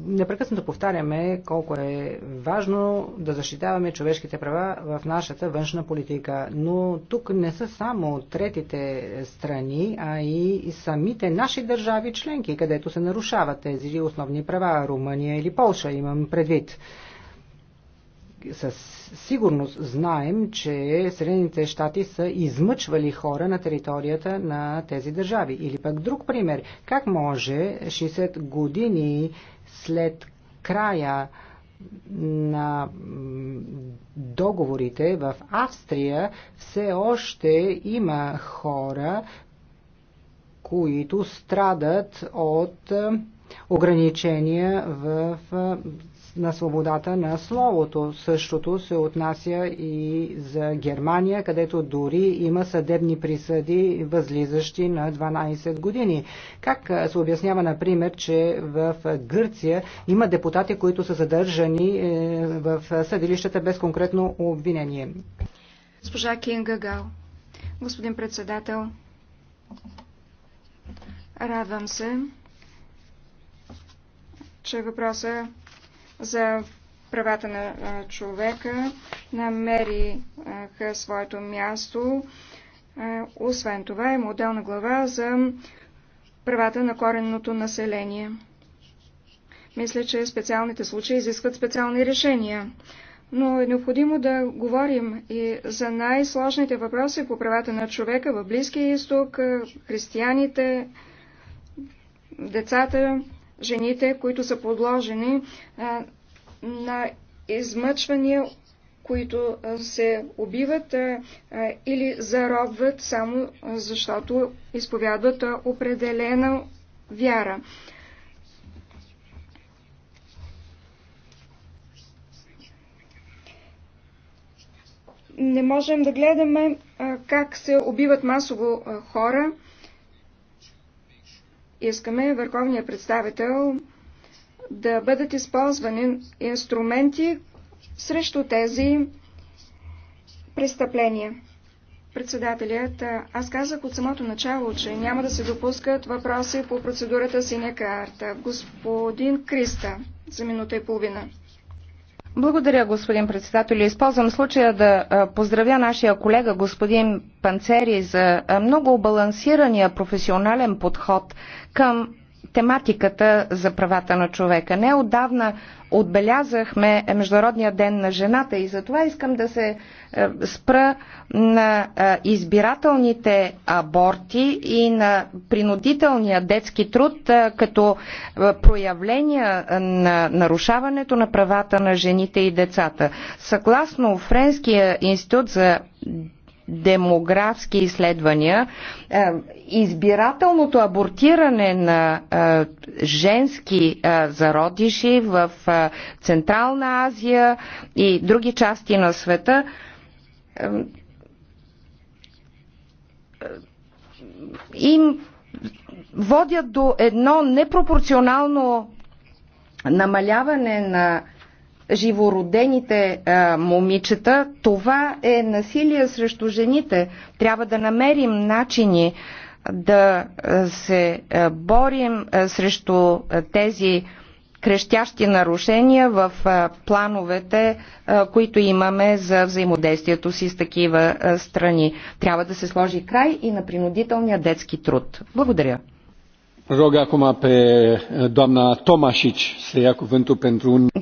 непрекъснато повтаряме колко е важно да защитаваме човешките права в нашата външна политика. Но тук не са само третите страни, а и самите наши държави членки, където се нарушават тези основни права. Румъния или Полша имам предвид със сигурност знаем, че Съединените щати са измъчвали хора на територията на тези държави. Или пък друг пример. Как може 60 години след края на договорите в Австрия все още има хора, които страдат от ограничения в, на свободата на словото. Същото се отнася и за Германия, където дори има съдебни присъди, възлизащи на 12 години. Как се обяснява, например, че в Гърция има депутати, които са задържани е, в съдилищата без конкретно обвинение? Госпожа Кинга Гал, господин председател, радвам се, че въпроса за правата на човека намериха своето място. Освен това има отделна глава за правата на коренното население. Мисля, че специалните случаи изискват специални решения. Но е необходимо да говорим и за най-сложните въпроси по правата на човека в Близкия изток, християните, децата, жените, които са подложени на измъчвания, които се убиват или заробват само защото изповядват определена вяра. Не можем да гледаме как се убиват масово хора, Искаме върховния представител да бъдат използвани инструменти срещу тези престъпления. Председателят, аз казах от самото начало, че няма да се допускат въпроси по процедурата синя карта. Господин Криста, за минута и половина. Благодаря, господин председател. Използвам случая да поздравя нашия колега господин Панцери за много балансирания професионален подход към тематиката за правата на човека. Не отдавна отбелязахме Международния ден на жената и затова искам да се е, спра на е, избирателните аборти и на принудителния детски труд е, като проявление на нарушаването на правата на жените и децата. Съгласно Френския институт за демографски изследвания, е, избирателното абортиране на е, женски е, зародиши в Централна Азия и други части на света им водят до едно непропорционално намаляване на живородените а, момичета, това е насилие срещу жените. Трябва да намерим начини да се борим срещу тези крещящи нарушения в плановете, които имаме за взаимодействието си с такива страни. Трябва да се сложи край и на принудителния детски труд. Благодаря. Eh,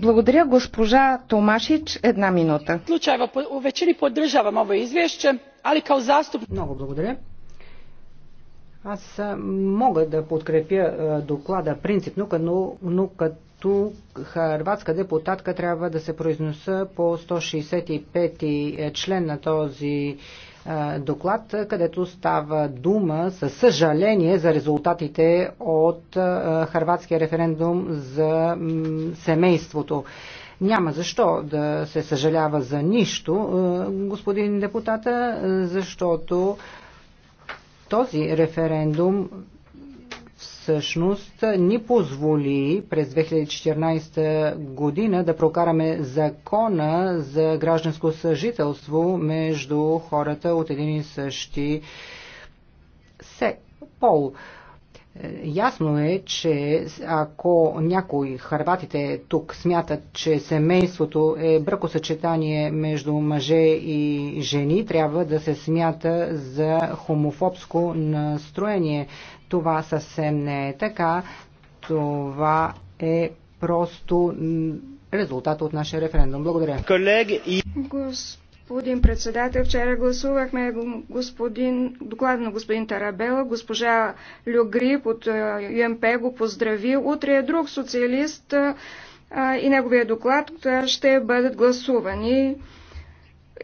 благодаря госпожа Томашич. Една минута. Случаево, у većini podržavam ovo izvješće, ali kao zastupnik... Много благодаря. Аз мога да подкрепя доклада принципно, но, но като харватска депутатка трябва да се произнеса по 165 е, член на този е, доклад, където става дума със съжаление за резултатите от е, харватския референдум за семейството. Няма защо да се съжалява за нищо, е, господин депутата, защото този референдум всъщност ни позволи през 2014 година да прокараме закона за гражданско съжителство между хората от един и същи се, пол. Ясно е, че ако някои харватите тук смятат, че семейството е бракосъчетание между мъже и жени, трябва да се смята за хомофобско настроение. Това съвсем не е така. Това е просто резултат от нашия референдум. Благодаря. Колеги и... Господин председател, вчера гласувахме господин, доклада на господин Тарабела, госпожа Грип от е, ЮМП го поздрави. Утре е друг социалист е, и неговия доклад е, ще бъдат гласувани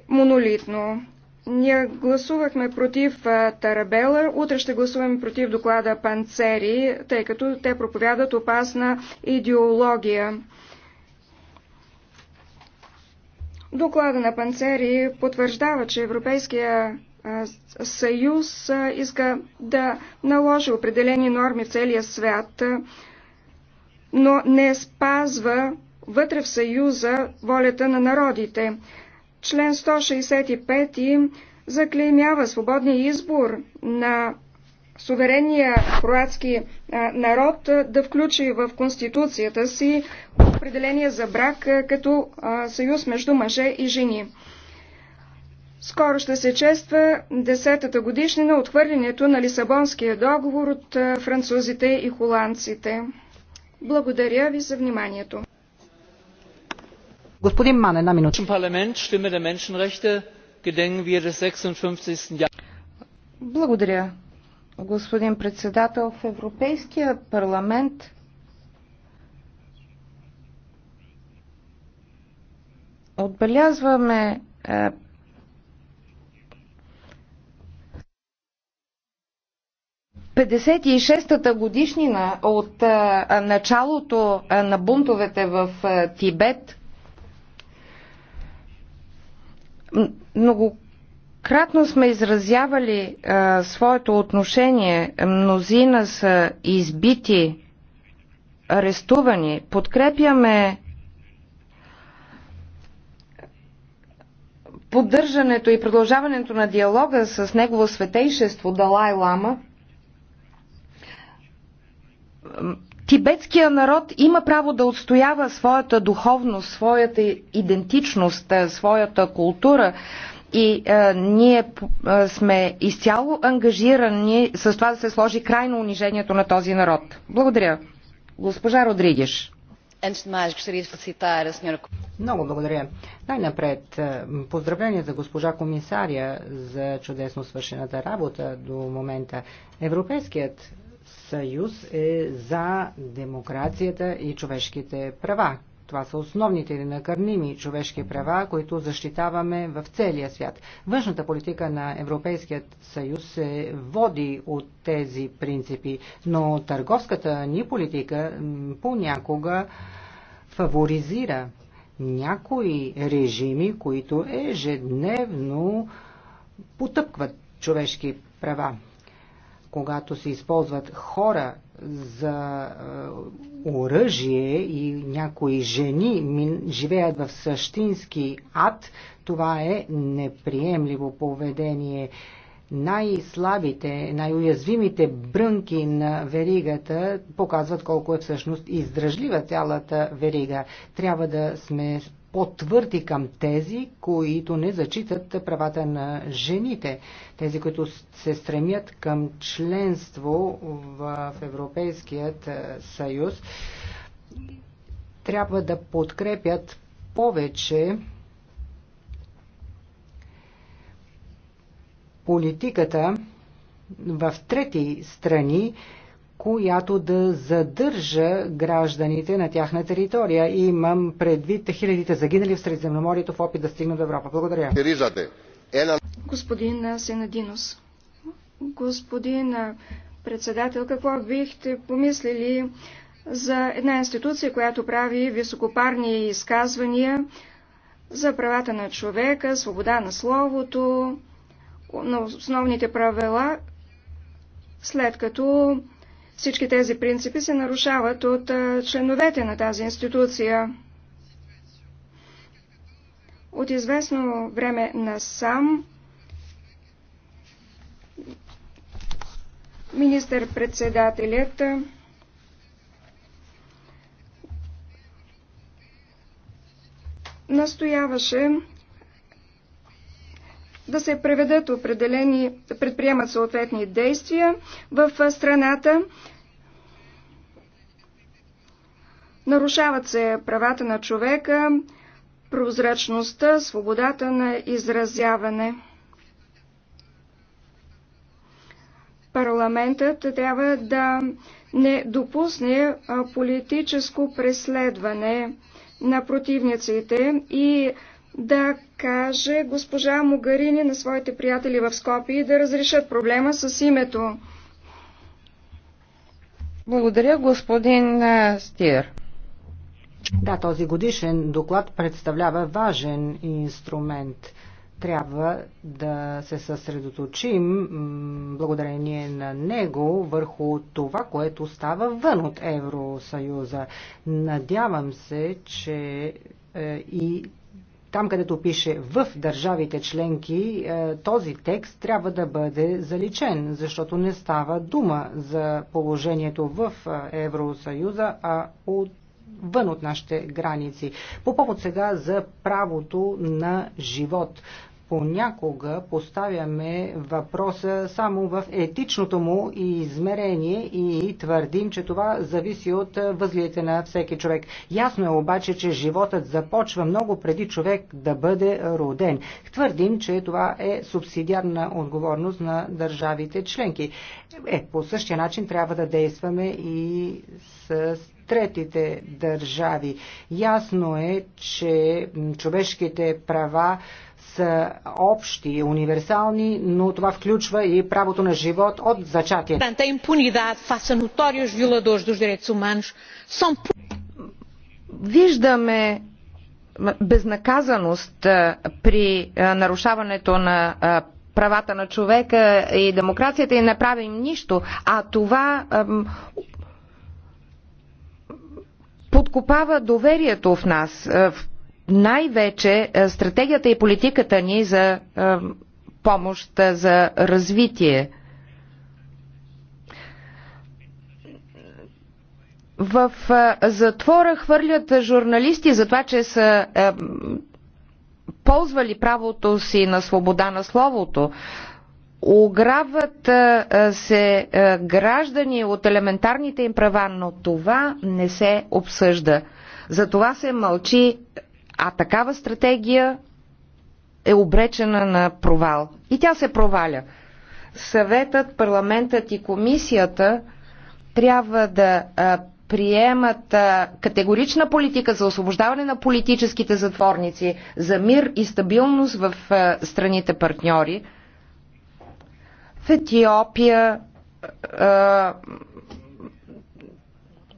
монолитно. Ние гласувахме против Тарабела, утре ще гласуваме против доклада Панцери, тъй като те проповядат опасна идеология. Доклада на Панцери потвърждава, че Европейския съюз иска да наложи определени норми в целия свят, но не спазва вътре в съюза волята на народите. Член 165 заклеймява свободния избор на суверения кроатски народ да включи в Конституцията си определение за брак като съюз между мъже и жени. Скоро ще се чества 10-та годишнина от хвърлянето на Лисабонския договор от французите и холандците. Благодаря ви за вниманието. Господин Ман, една минута. Благодаря, господин председател. В Европейския парламент отбелязваме е, Петдесет и шестата годишнина от е, началото е, на бунтовете в е, Тибет Многократно сме изразявали а, своето отношение. Мнозина са избити, арестувани. Подкрепяме поддържането и продължаването на диалога с негово светейшество Далай Лама Тибетския народ има право да отстоява своята духовност, своята идентичност, е, своята култура и а, е, ние а, е, сме изцяло ангажирани с това да се сложи край на унижението на този народ. Благодаря. Госпожа Родригеш. Много благодаря. Най-напред, поздравления за госпожа комисаря за чудесно свършената работа до момента. Европейският съюз е за демокрацията и човешките права. Това са основните или накърними човешки права, които защитаваме в целия свят. Външната политика на Европейският съюз се води от тези принципи, но търговската ни политика понякога фаворизира някои режими, които ежедневно потъпкват човешки права когато се използват хора за е, оръжие и някои жени живеят в същински ад, това е неприемливо поведение. Най-слабите, най-уязвимите брънки на веригата показват колко е всъщност издръжлива цялата верига. Трябва да сме по-твърди към тези, които не зачитат правата на жените, тези, които се стремят към членство в Европейският е, съюз, трябва да подкрепят повече политиката в трети страни, която да задържа гражданите на тяхна територия. И имам предвид хилядите загинали в Средиземноморието в опит да стигнат до Европа. Благодаря. Господин Сенадинос, господин председател, какво бихте помислили за една институция, която прави високопарни изказвания за правата на човека, свобода на словото, на основните правила, след като всички тези принципи се нарушават от членовете на тази институция. От известно време насам министър-председателят настояваше да се преведат определени, предприемат съответни действия в страната. Нарушават се правата на човека, прозрачността, свободата на изразяване. Парламентът трябва да не допусне политическо преследване на противниците и да каже госпожа Могарини на своите приятели в Скопие да разрешат проблема с името. Благодаря, господин Стир. Да, този годишен доклад представлява важен инструмент. Трябва да се съсредоточим, благодарение на него, върху това, което става вън от Евросъюза. Надявам се, че е, и там където пише в държавите членки, е, този текст трябва да бъде заличен, защото не става дума за положението в е, Евросъюза, а от вън от нашите граници. По повод сега за правото на живот понякога поставяме въпроса само в етичното му измерение и твърдим, че това зависи от възгледите на всеки човек. Ясно е обаче, че животът започва много преди човек да бъде роден. Твърдим, че това е субсидиарна отговорност на държавите членки. Е, по същия начин трябва да действаме и с третите държави. Ясно е, че човешките права са общи, и универсални, но това включва и правото на живот от зачатие. Виждаме безнаказаност при нарушаването на правата на човека и демокрацията и не правим нищо, а това подкопава доверието в нас, в най-вече е, стратегията и политиката ни за е, помощ е, за развитие. В затвора хвърлят журналисти за това, че са ползвали правото си на свобода на словото. Ограбват се граждани от елементарните им права, но това не се обсъжда. За това се мълчи а такава стратегия е обречена на провал. И тя се проваля. Съветът, парламентът и комисията трябва да приемат категорична политика за освобождаване на политическите затворници, за мир и стабилност в страните партньори. В Етиопия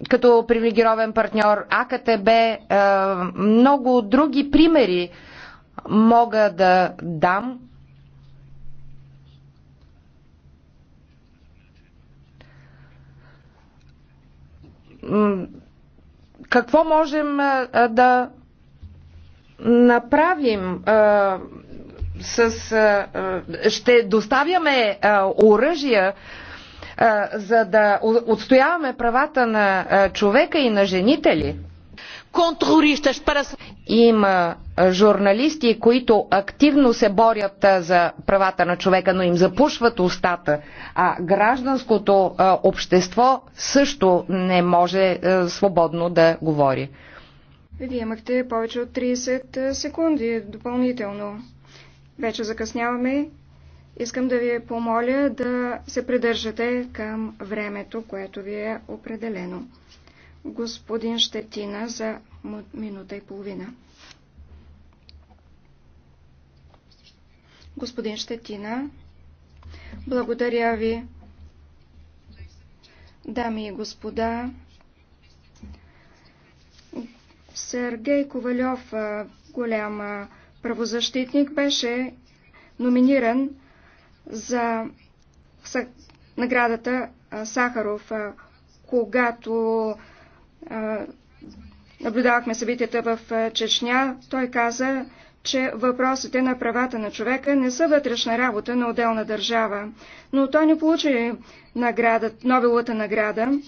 като привилегирован партньор, АКТБ, е, много други примери мога да дам. Какво можем е, е, да направим? С, ще доставяме оръжия за да отстояваме правата на човека и на жените ли? Има журналисти, които активно се борят за правата на човека, но им запушват устата. А гражданското общество също не може свободно да говори. Вие имахте повече от 30 секунди допълнително. Вече закъсняваме Искам да ви помоля да се придържате към времето, което ви е определено. Господин Щетина за минута и половина. Господин Щетина, благодаря ви. Дами и господа, Сергей Ковалев, голям правозащитник, беше номиниран за наградата Сахаров, когато наблюдавахме събитията в Чечня, той каза, че въпросите на правата на човека не са вътрешна работа на отделна държава. Но той не получи наградът, Нобеловата награда.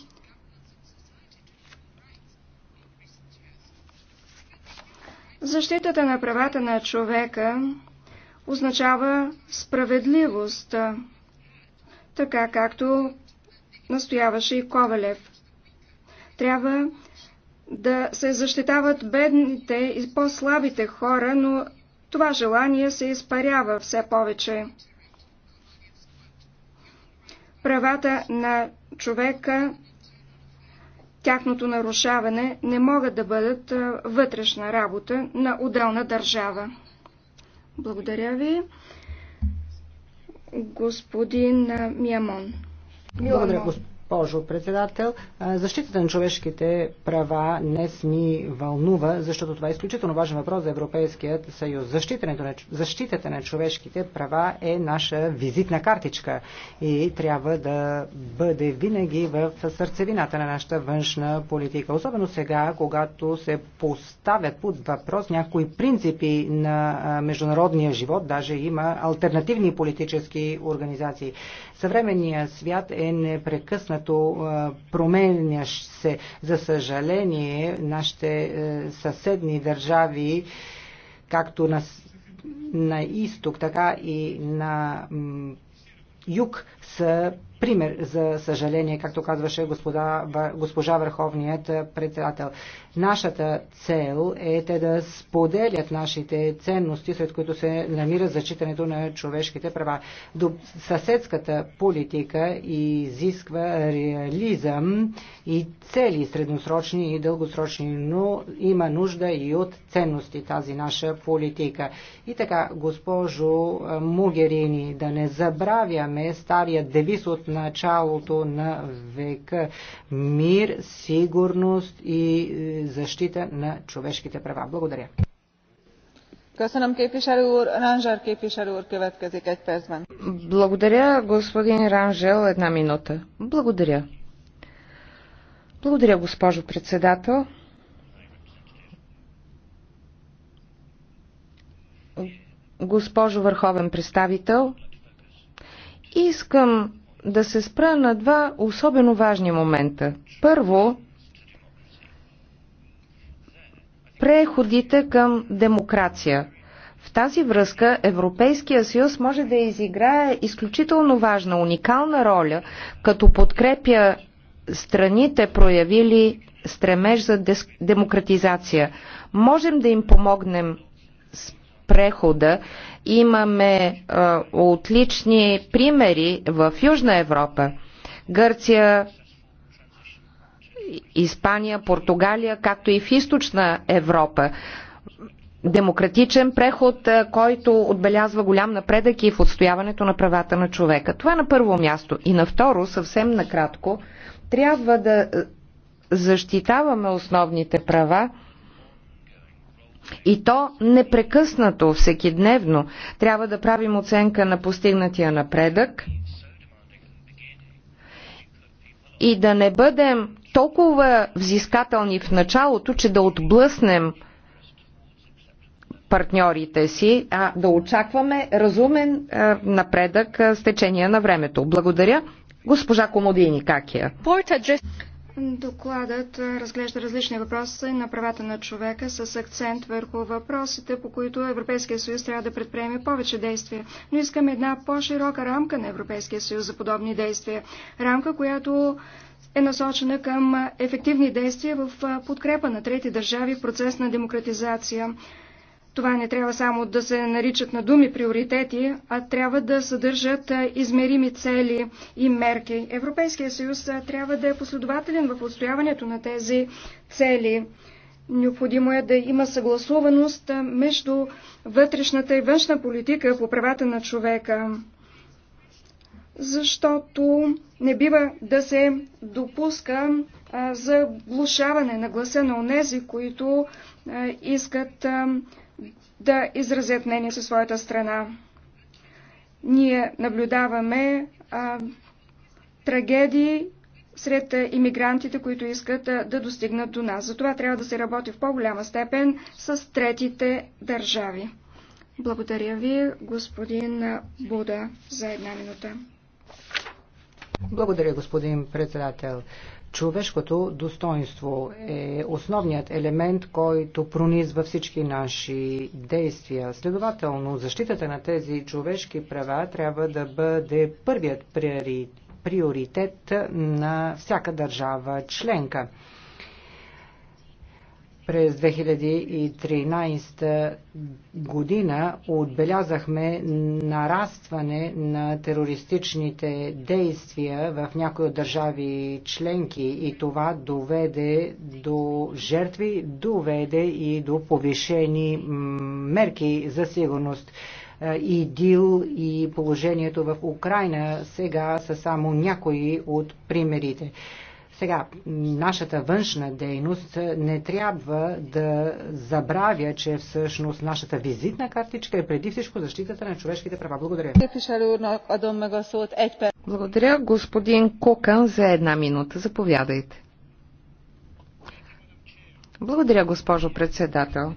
Защитата на правата на човека означава справедливост, така както настояваше и Ковалев. Трябва да се защитават бедните и по-слабите хора, но това желание се изпарява все повече. Правата на човека, тяхното нарушаване не могат да бъдат вътрешна работа на отделна държава. Благодаря ви. Господин Миамон. Благодаря, господин госпожо председател. Защитата на човешките права днес ни вълнува, защото това е изключително важен въпрос за Европейският съюз. защитата на човешките права е наша визитна картичка и трябва да бъде винаги в сърцевината на нашата външна политика. Особено сега, когато се поставят под въпрос някои принципи на международния живот, даже има альтернативни политически организации. Съвременният свят е непрекъснато променящ се. За съжаление, нашите е, съседни държави, както на, на изток, така и на юг, са пример за съжаление, както казваше господа, госпожа Върховният председател. Нашата цел е те да споделят нашите ценности, след които се намира зачитането на човешките права. До съседската политика изисква реализъм и цели средносрочни и дългосрочни, но има нужда и от ценности тази наша политика. И така, госпожо Мугерини, да не забравяме стария нашият девиз от началото на века – мир, сигурност и е, защита на човешките права. Благодаря. Благодаря, господин Ранжел. Една минута. Благодаря. Благодаря, госпожо председател. Госпожо върховен представител, Искам да се спра на два особено важни момента. Първо, преходите към демокрация. В тази връзка Европейския съюз може да изиграе изключително важна, уникална роля, като подкрепя страните проявили стремеж за демократизация. Можем да им помогнем с прехода Имаме а, отлични примери в Южна Европа. Гърция, Испания, Португалия, както и в източна Европа. Демократичен преход, който отбелязва голям напредък и в отстояването на правата на човека. Това е на първо място. И на второ, съвсем накратко, трябва да защитаваме основните права и то непрекъснато, всекидневно, трябва да правим оценка на постигнатия напредък и да не бъдем толкова взискателни в началото, че да отблъснем партньорите си, а да очакваме разумен а, напредък а, с течение на времето. Благодаря. Госпожа Комодини Какия. Докладът разглежда различни въпроси на правата на човека с акцент върху въпросите, по които Европейския съюз трябва да предприеме повече действия. Но искаме една по-широка рамка на Европейския съюз за подобни действия. Рамка, която е насочена към ефективни действия в подкрепа на трети държави в процес на демократизация. Това не трябва само да се наричат на думи приоритети, а трябва да съдържат измерими цели и мерки. Европейския съюз трябва да е последователен в отстояването на тези цели. Необходимо е да има съгласуваност между вътрешната и външна политика по правата на човека, защото не бива да се допуска за глушаване на гласа на онези, които искат да изразят мнение със своята страна. Ние наблюдаваме а, трагедии сред иммигрантите, които искат а, да достигнат до нас. Затова трябва да се работи в по-голяма степен с третите държави. Благодаря ви, господин Буда, за една минута. Благодаря, господин председател. Човешкото достоинство е основният елемент, който пронизва всички наши действия. Следователно, защитата на тези човешки права трябва да бъде първият приоритет на всяка държава членка. През 2013 година отбелязахме нарастване на терористичните действия в някои от държави членки и това доведе до жертви, доведе и до повишени мерки за сигурност. Е, ИДИЛ и положението в Украина сега са само някои от примерите. Сега, нашата външна дейност не трябва да забравя, че всъщност нашата визитна картичка е преди всичко защитата на човешките права. Благодаря. Благодаря, господин Кокан, за една минута. Заповядайте. Благодаря, госпожо председател.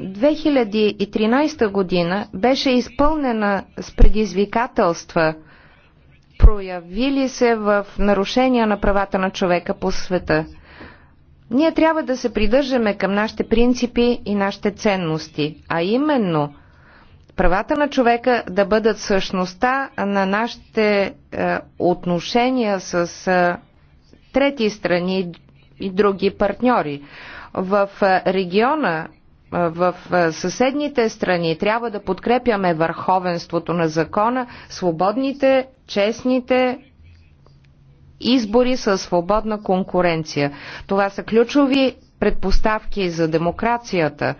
2013 година беше изпълнена с предизвикателства – проявили се в нарушения на правата на човека по света. Ние трябва да се придържаме към нашите принципи и нашите ценности, а именно правата на човека да бъдат същността на нашите е, отношения с е, трети страни и други партньори. В е, региона в съседните страни трябва да подкрепяме върховенството на закона, свободните, честните избори със свободна конкуренция. Това са ключови предпоставки за демокрацията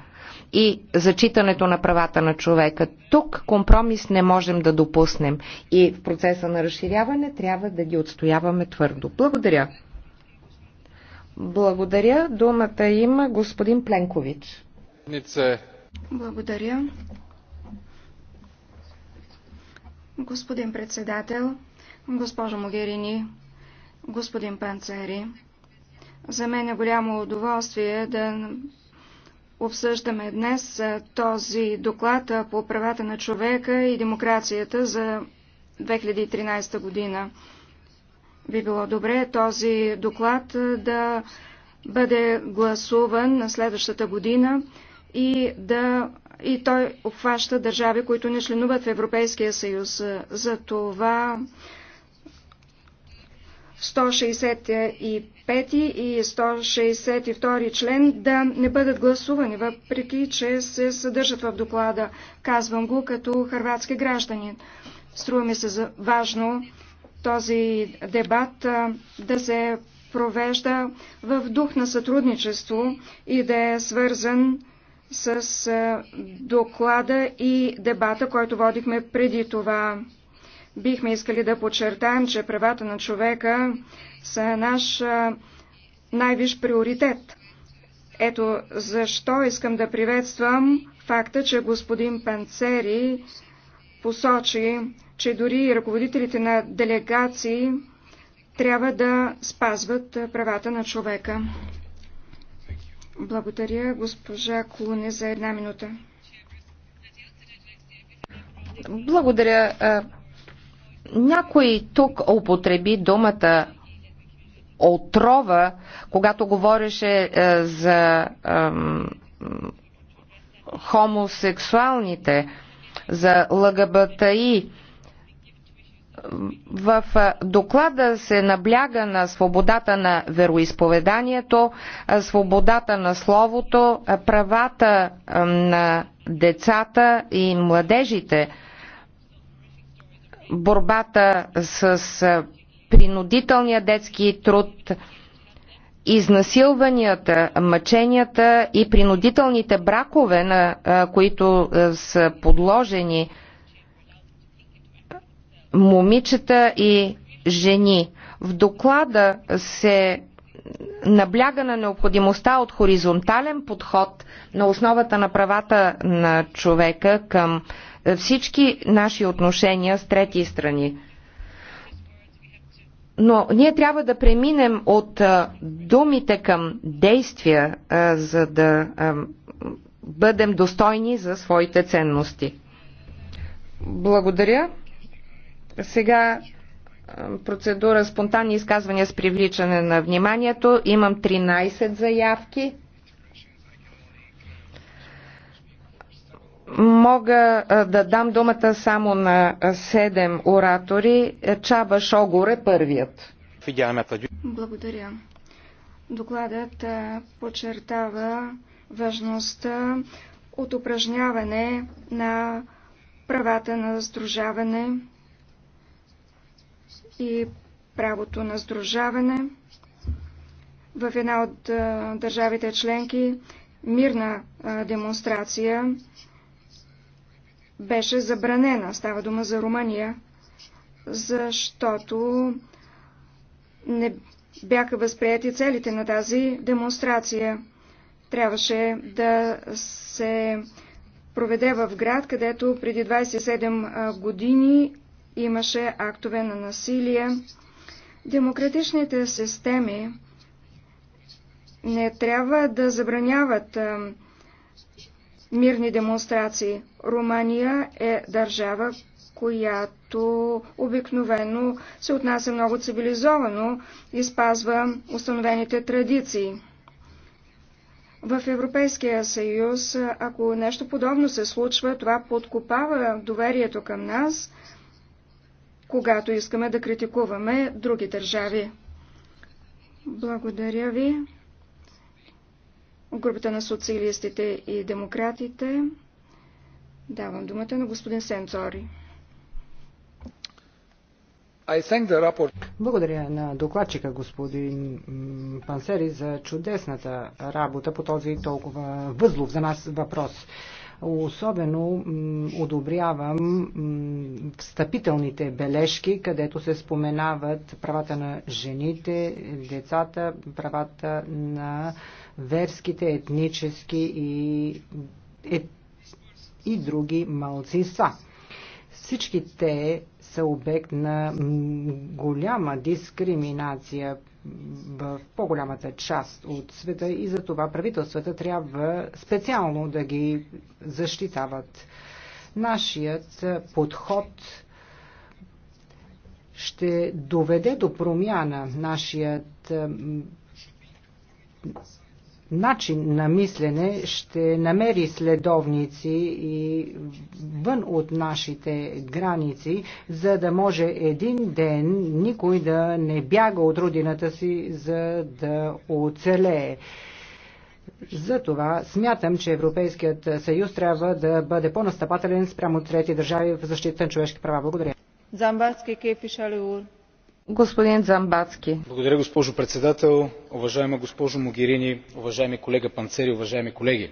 и зачитането на правата на човека. Тук компромис не можем да допуснем и в процеса на разширяване трябва да ги отстояваме твърдо. Благодаря. Благодаря. Думата има господин Пленкович. Благодаря. Господин председател, госпожо Могерини, господин Панцери, за мен е голямо удоволствие да обсъждаме днес този доклад по правата на човека и демокрацията за 2013 година. Би било добре този доклад да бъде гласуван на следващата година и, да, и той обхваща държави, които не членуват в Европейския съюз. За това 165 и 162 член да не бъдат гласувани, въпреки че се съдържат в доклада. Казвам го като хрватски граждани. Струва ми се важно този дебат да се провежда в дух на сътрудничество и да е свързан с доклада и дебата, който водихме преди това. Бихме искали да подчертаем, че правата на човека са наш най-виш приоритет. Ето защо искам да приветствам факта, че господин Панцери посочи, че дори и ръководителите на делегации трябва да спазват правата на човека. Благодаря, госпожа Клуне, за една минута. Благодаря. Някой тук употреби думата отрова, когато говореше за хомосексуалните, за ЛГБТИ. В доклада се набляга на свободата на вероисповеданието, свободата на словото, правата на децата и младежите, борбата с принудителния детски труд, изнасилванията, мъченията и принудителните бракове, на които са подложени момичета и жени. В доклада се набляга на необходимостта от хоризонтален подход на основата на правата на човека към всички наши отношения с трети страни. Но ние трябва да преминем от думите към действия, за да бъдем достойни за своите ценности. Благодаря. Сега процедура спонтанни изказвания с привличане на вниманието. Имам 13 заявки. Мога да дам думата само на 7 оратори. Чаба Шогор е първият. Благодаря. Докладът подчертава важността от упражняване на правата на сдружаване, и правото на сдружаване в една от държавите членки мирна демонстрация беше забранена. Става дума за Румъния, защото не бяха възприяти целите на тази демонстрация. Трябваше да се проведе в град, където преди 27 години имаше актове на насилие. Демократичните системи не трябва да забраняват мирни демонстрации. Румъния е държава, която обикновено се отнася много цивилизовано и спазва установените традиции. В Европейския съюз, ако нещо подобно се случва, това подкопава доверието към нас – когато искаме да критикуваме други държави. Благодаря ви. Групата на социалистите и демократите. Давам думата на господин Сенцори. Благодаря на докладчика господин Пансери за чудесната работа по този толкова възлов за нас въпрос. Особено одобрявам встъпителните бележки, където се споменават правата на жените, децата, правата на верските, етнически и, е, и други малцинства. Всички те са обект на голяма дискриминация в по-голямата част от света и за това правителствата трябва специално да ги защитават. Нашият подход ще доведе до промяна. Нашият начин на мислене ще намери следовници и вън от нашите граници, за да може един ден никой да не бяга от родината си, за да оцелее. Затова смятам, че Европейският съюз трябва да бъде по-настъпателен спрямо трети държави в защита на човешки права. Благодаря. Замбарски кефишалиур. Господин Благодаря, госпожо председател, уважаема госпожо Могерини, уважаеми колега Панцери, уважаеми колеги.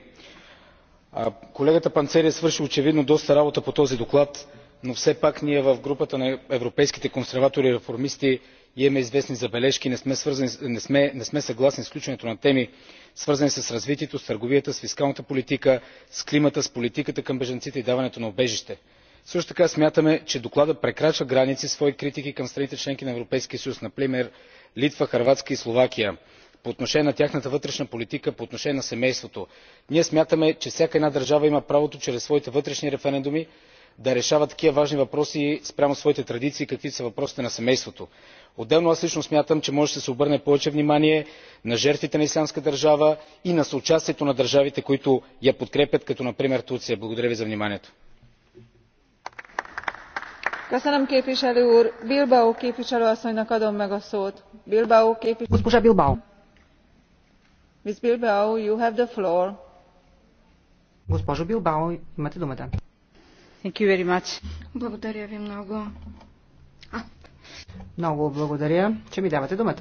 Колегата Панцери е свършил очевидно доста работа по този доклад, но все пак ние в групата на европейските консерватори и реформисти имаме известни забележки не сме, не сме съгласни с включването на теми свързани с развитието с търговията с фискалната политика с климата с политиката към бежанците и даването на убежище също така смятаме че докладът прекрачва в свои критики към страните членки на европейския съюз например литва хърватска и словакия по отношение на тяхната вътрешна политика по отношение на семейството. ние смятаме че всяка една държава има правото чрез своите вътрешни референдуми да решава такива важни въпроси спрямо своите традиции каквито са въпросите на семейството. отделно аз лично смятам че може да се обърне повече внимание на жертвите на ислямска държава и на съучастието на държавите които я подкрепят като например турция. благодаря ви за вниманието госпожа билбао имате думата. благодаря ви много. много благодаря че ми давате думата.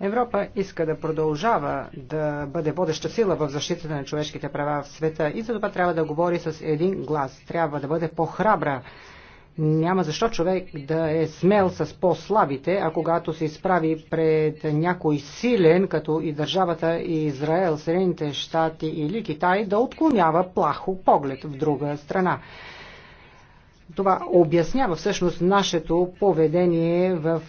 Европа иска да продължава да бъде водеща сила в защитата на човешките права в света и за това трябва да говори с един глас. Трябва да бъде по-храбра няма защо човек да е смел с по-слабите, а когато се изправи пред някой силен, като и държавата и Израел, Съединените щати или Китай, да отклонява плахо поглед в друга страна. Това обяснява всъщност нашето поведение в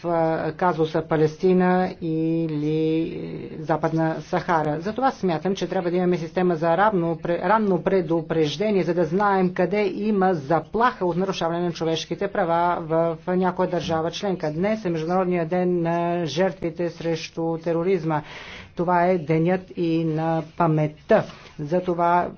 казуса Палестина или е, Западна Сахара. Затова смятам, че трябва да имаме система за равно, ранно предупреждение, за да знаем къде има заплаха от нарушаване на човешките права в някоя държава членка. Днес е Международния ден на жертвите срещу тероризма. Това е денят и на паметта. Затова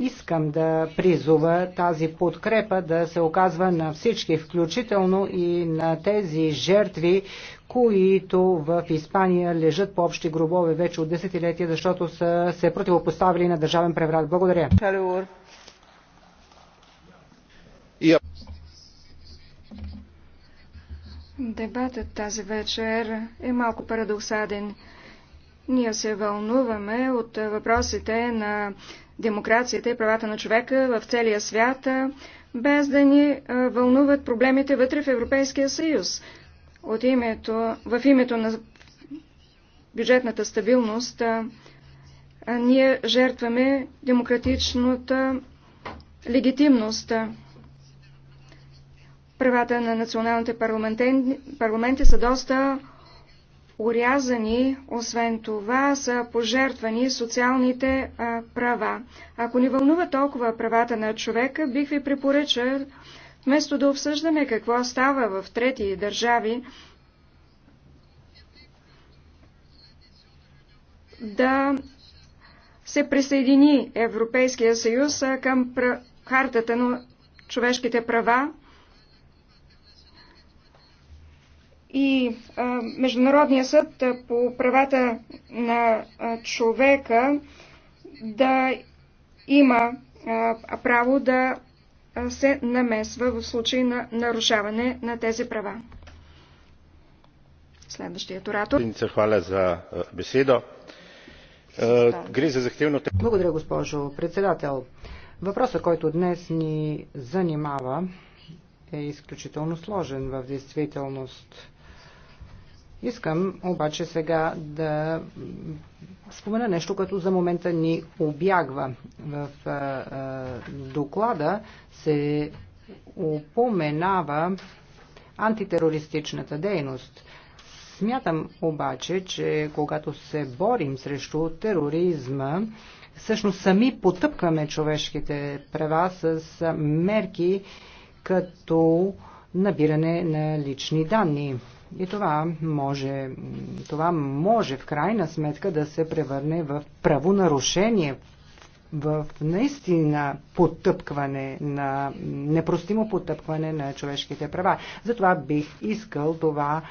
искам да призова тази подкрепа да се оказва на всички, включително и на тези жертви, които в Испания лежат по общи гробове вече от десетилетия, защото са се противопоставили на държавен преврат. Благодаря. Дебатът тази вечер е малко парадоксаден. Ние се вълнуваме от въпросите на демокрацията и правата на човека в целия свят, без да ни вълнуват проблемите вътре в Европейския съюз. От името, в името на бюджетната стабилност ние жертваме демократичната легитимност. Правата на националните парламенти, парламенти са доста Урязани, освен това, са пожертвани социалните а, права. Ако ни вълнува толкова правата на човека, бих ви препоръчал, вместо да обсъждаме какво става в трети държави, да се присъедини Европейския съюз към хартата на човешките права и Международния съд по правата на човека да има право да се намесва в случай на нарушаване на тези права. Следващият оратор. Хваля за беседо. Гри за Благодаря, госпожо председател. Въпросът, който днес ни занимава, е изключително сложен в действителност. Искам обаче сега да спомена нещо, което за момента ни обягва. В доклада се упоменава антитерористичната дейност. Смятам обаче, че когато се борим срещу тероризма, всъщност сами потъпкваме човешките права с мерки като набиране на лични данни. И това може, това може в крайна сметка да се превърне в правонарушение, в наистина потъпкване на, непростимо потъпкване на човешките права. Затова бих искал това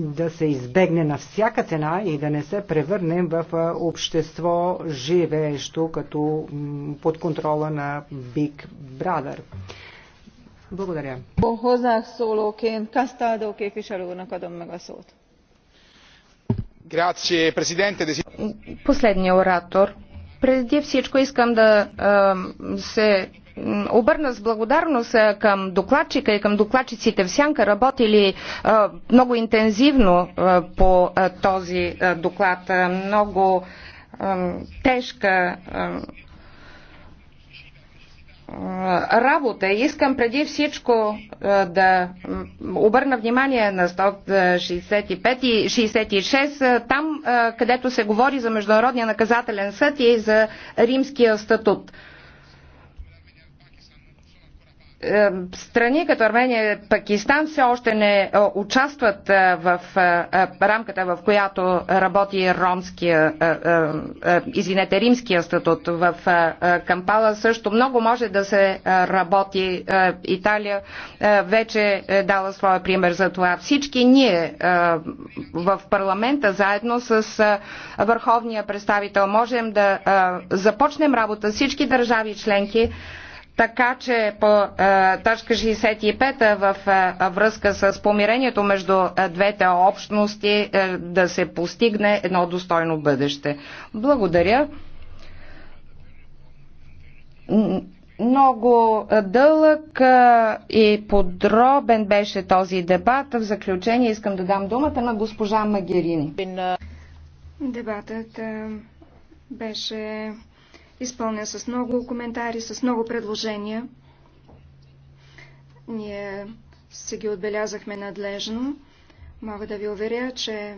да се избегне на всяка цена и да не се превърнем в общество живеещо като под контрола на Big Brother. Благодаря. Последния оратор. Преди всичко искам да се обърна с благодарност към докладчика и към докладчиците в Сянка, работили много интензивно по този доклад. Много тежка работа. Искам преди всичко да обърна внимание на 165 и 66, там където се говори за Международния наказателен съд и за римския статут страни като Армения и Пакистан все още не е, участват е, в е, рамката, в която работи ромския, извинете, римския статут в Кампала, също много може да се работи. Италия вече е дала своя пример за това. Всички ние в парламента заедно с върховния представител можем да започнем работа всички държави членки така че по е, точка 65 е, в е, връзка с помирението между двете общности да се постигне едно достойно бъдеще. Благодаря. Много дълъг и подробен беше този дебат. В заключение искам да дам думата на госпожа Магерини. Дебатът беше изпълнен с много коментари, с много предложения. Ние се ги отбелязахме надлежно. Мога да ви уверя, че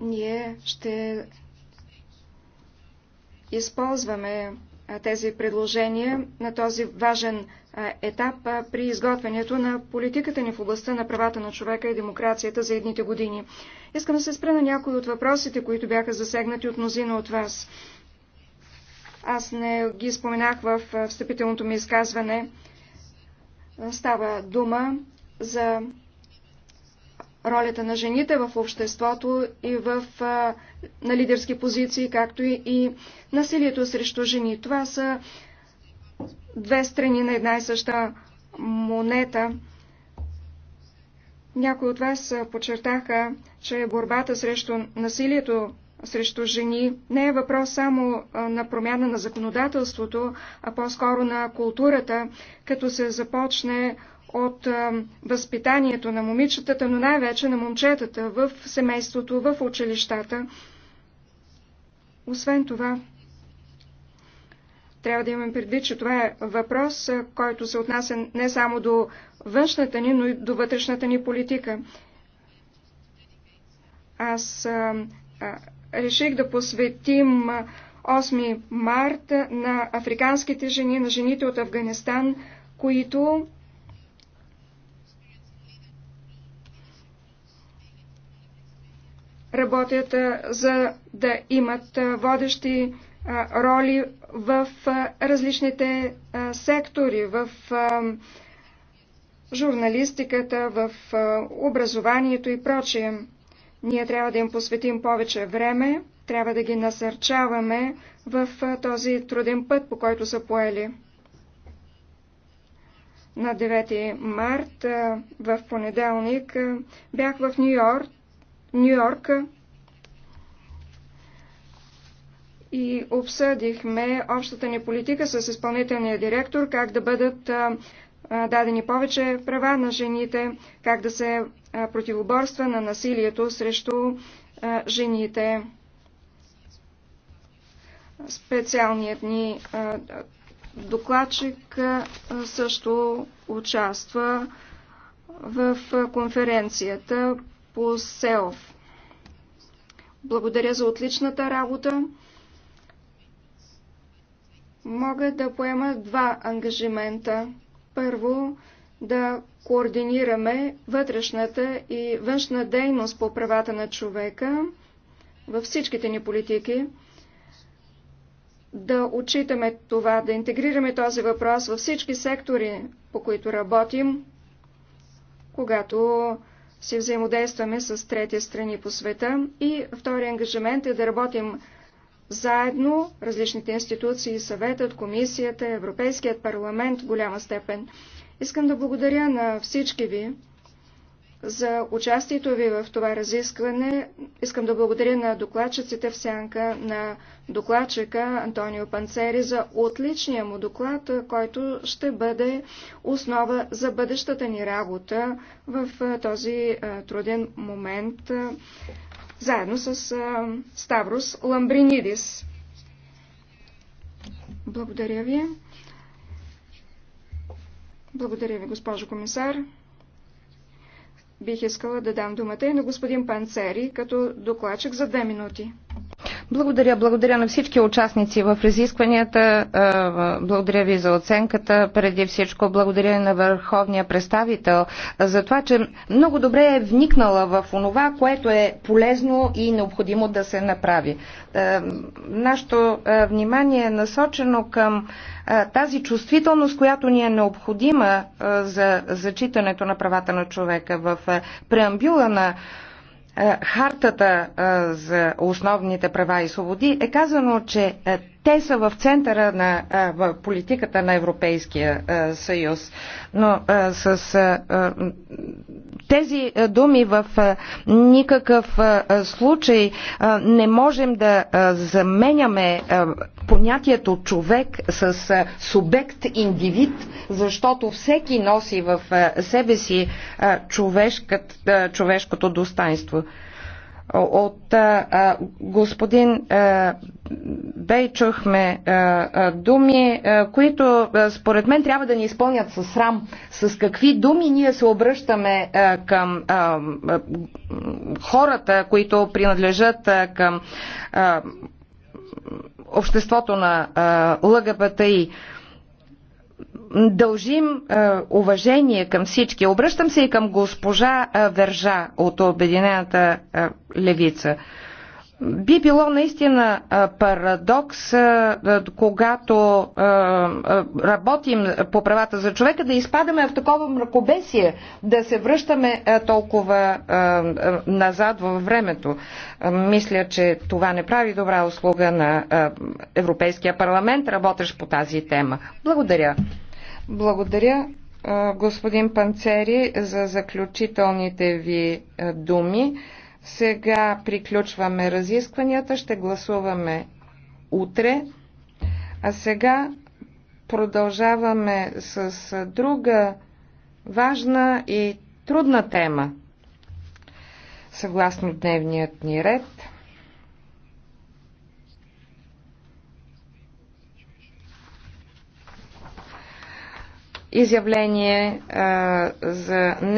ние ще използваме тези предложения на този важен етап при изготвянето на политиката ни в областта на правата на човека и демокрацията за едните години. Искам да се спра на някои от въпросите, които бяха засегнати от мнозина от вас. Аз не ги споменах в встъпителното ми изказване. Става дума за ролята на жените в обществото и в, на лидерски позиции, както и, и насилието срещу жени. Това са две страни на една и съща монета. Някои от вас подчертаха, че борбата срещу насилието срещу жени не е въпрос само на промяна на законодателството, а по-скоро на културата, като се започне от възпитанието на момичетата, но най-вече на момчетата в семейството, в училищата. Освен това, трябва да имаме предвид, че това е въпрос, който се отнася не само до външната ни, но и до вътрешната ни политика. Аз а, а, реших да посветим 8 март на африканските жени, на жените от Афганистан, които работят за да имат водещи роли в различните сектори, в журналистиката, в образованието и прочие. Ние трябва да им посветим повече време, трябва да ги насърчаваме в този труден път, по който са поели. На 9 март в понеделник бях в Нью Йорк, Нью Йорк и обсъдихме общата ни политика с изпълнителния директор, как да бъдат дадени повече права на жените, как да се противоборства на насилието срещу жените. Специалният ни докладчик също участва в конференцията по СЕОВ. Благодаря за отличната работа. Мога да поема два ангажимента. Първо, да координираме вътрешната и външна дейност по правата на човека във всичките ни политики, да отчитаме това, да интегрираме този въпрос във всички сектори, по които работим, когато си взаимодействаме с трети страни по света. И втори ангажимент е да работим заедно различните институции, съветът, комисията, Европейският парламент в голяма степен. Искам да благодаря на всички ви за участието ви в това разискване. Искам да благодаря на докладчиците в сянка, на докладчика Антонио Панцери за отличния му доклад, който ще бъде основа за бъдещата ни работа в този труден момент, заедно с Ставрос Ламбринидис. Благодаря ви. Благодаря ви, госпожо комисар. Бих искала да дам думата и на господин Панцери като докладчик за две минути. Благодаря, благодаря на всички участници в разискванията. Благодаря ви за оценката. Преди всичко благодаря на върховния представител за това, че много добре е вникнала в онова, което е полезно и необходимо да се направи. Нашето внимание е насочено към тази чувствителност, която ни е необходима за зачитането на правата на човека в преамбюла на е, хартата е, за основните права и свободи е казано, че е, те са в центъра на в политиката на Европейския съюз. Но с тези думи в никакъв случай не можем да заменяме понятието човек с субект, индивид, защото всеки носи в себе си човешкото достоинство. От а, господин а, Бей чухме а, а, думи, а, които а, според мен трябва да ни изпълнят със срам. С какви думи ние се обръщаме а, към а, а, хората, които принадлежат а, към а, обществото на а, ЛГБТИ. А, дължим е, уважение към всички. Обръщам се и към госпожа е, Вержа от Обединената е, левица. Би било наистина парадокс, когато работим по правата за човека, да изпадаме в такова мракобесие, да се връщаме толкова назад във времето. Мисля, че това не прави добра услуга на Европейския парламент, работещ по тази тема. Благодаря. Благодаря, господин Панцери, за заключителните ви думи. Сега приключваме разискванията, ще гласуваме утре. А сега продължаваме с друга важна и трудна тема. Съгласно дневният ни ред, изявление а, за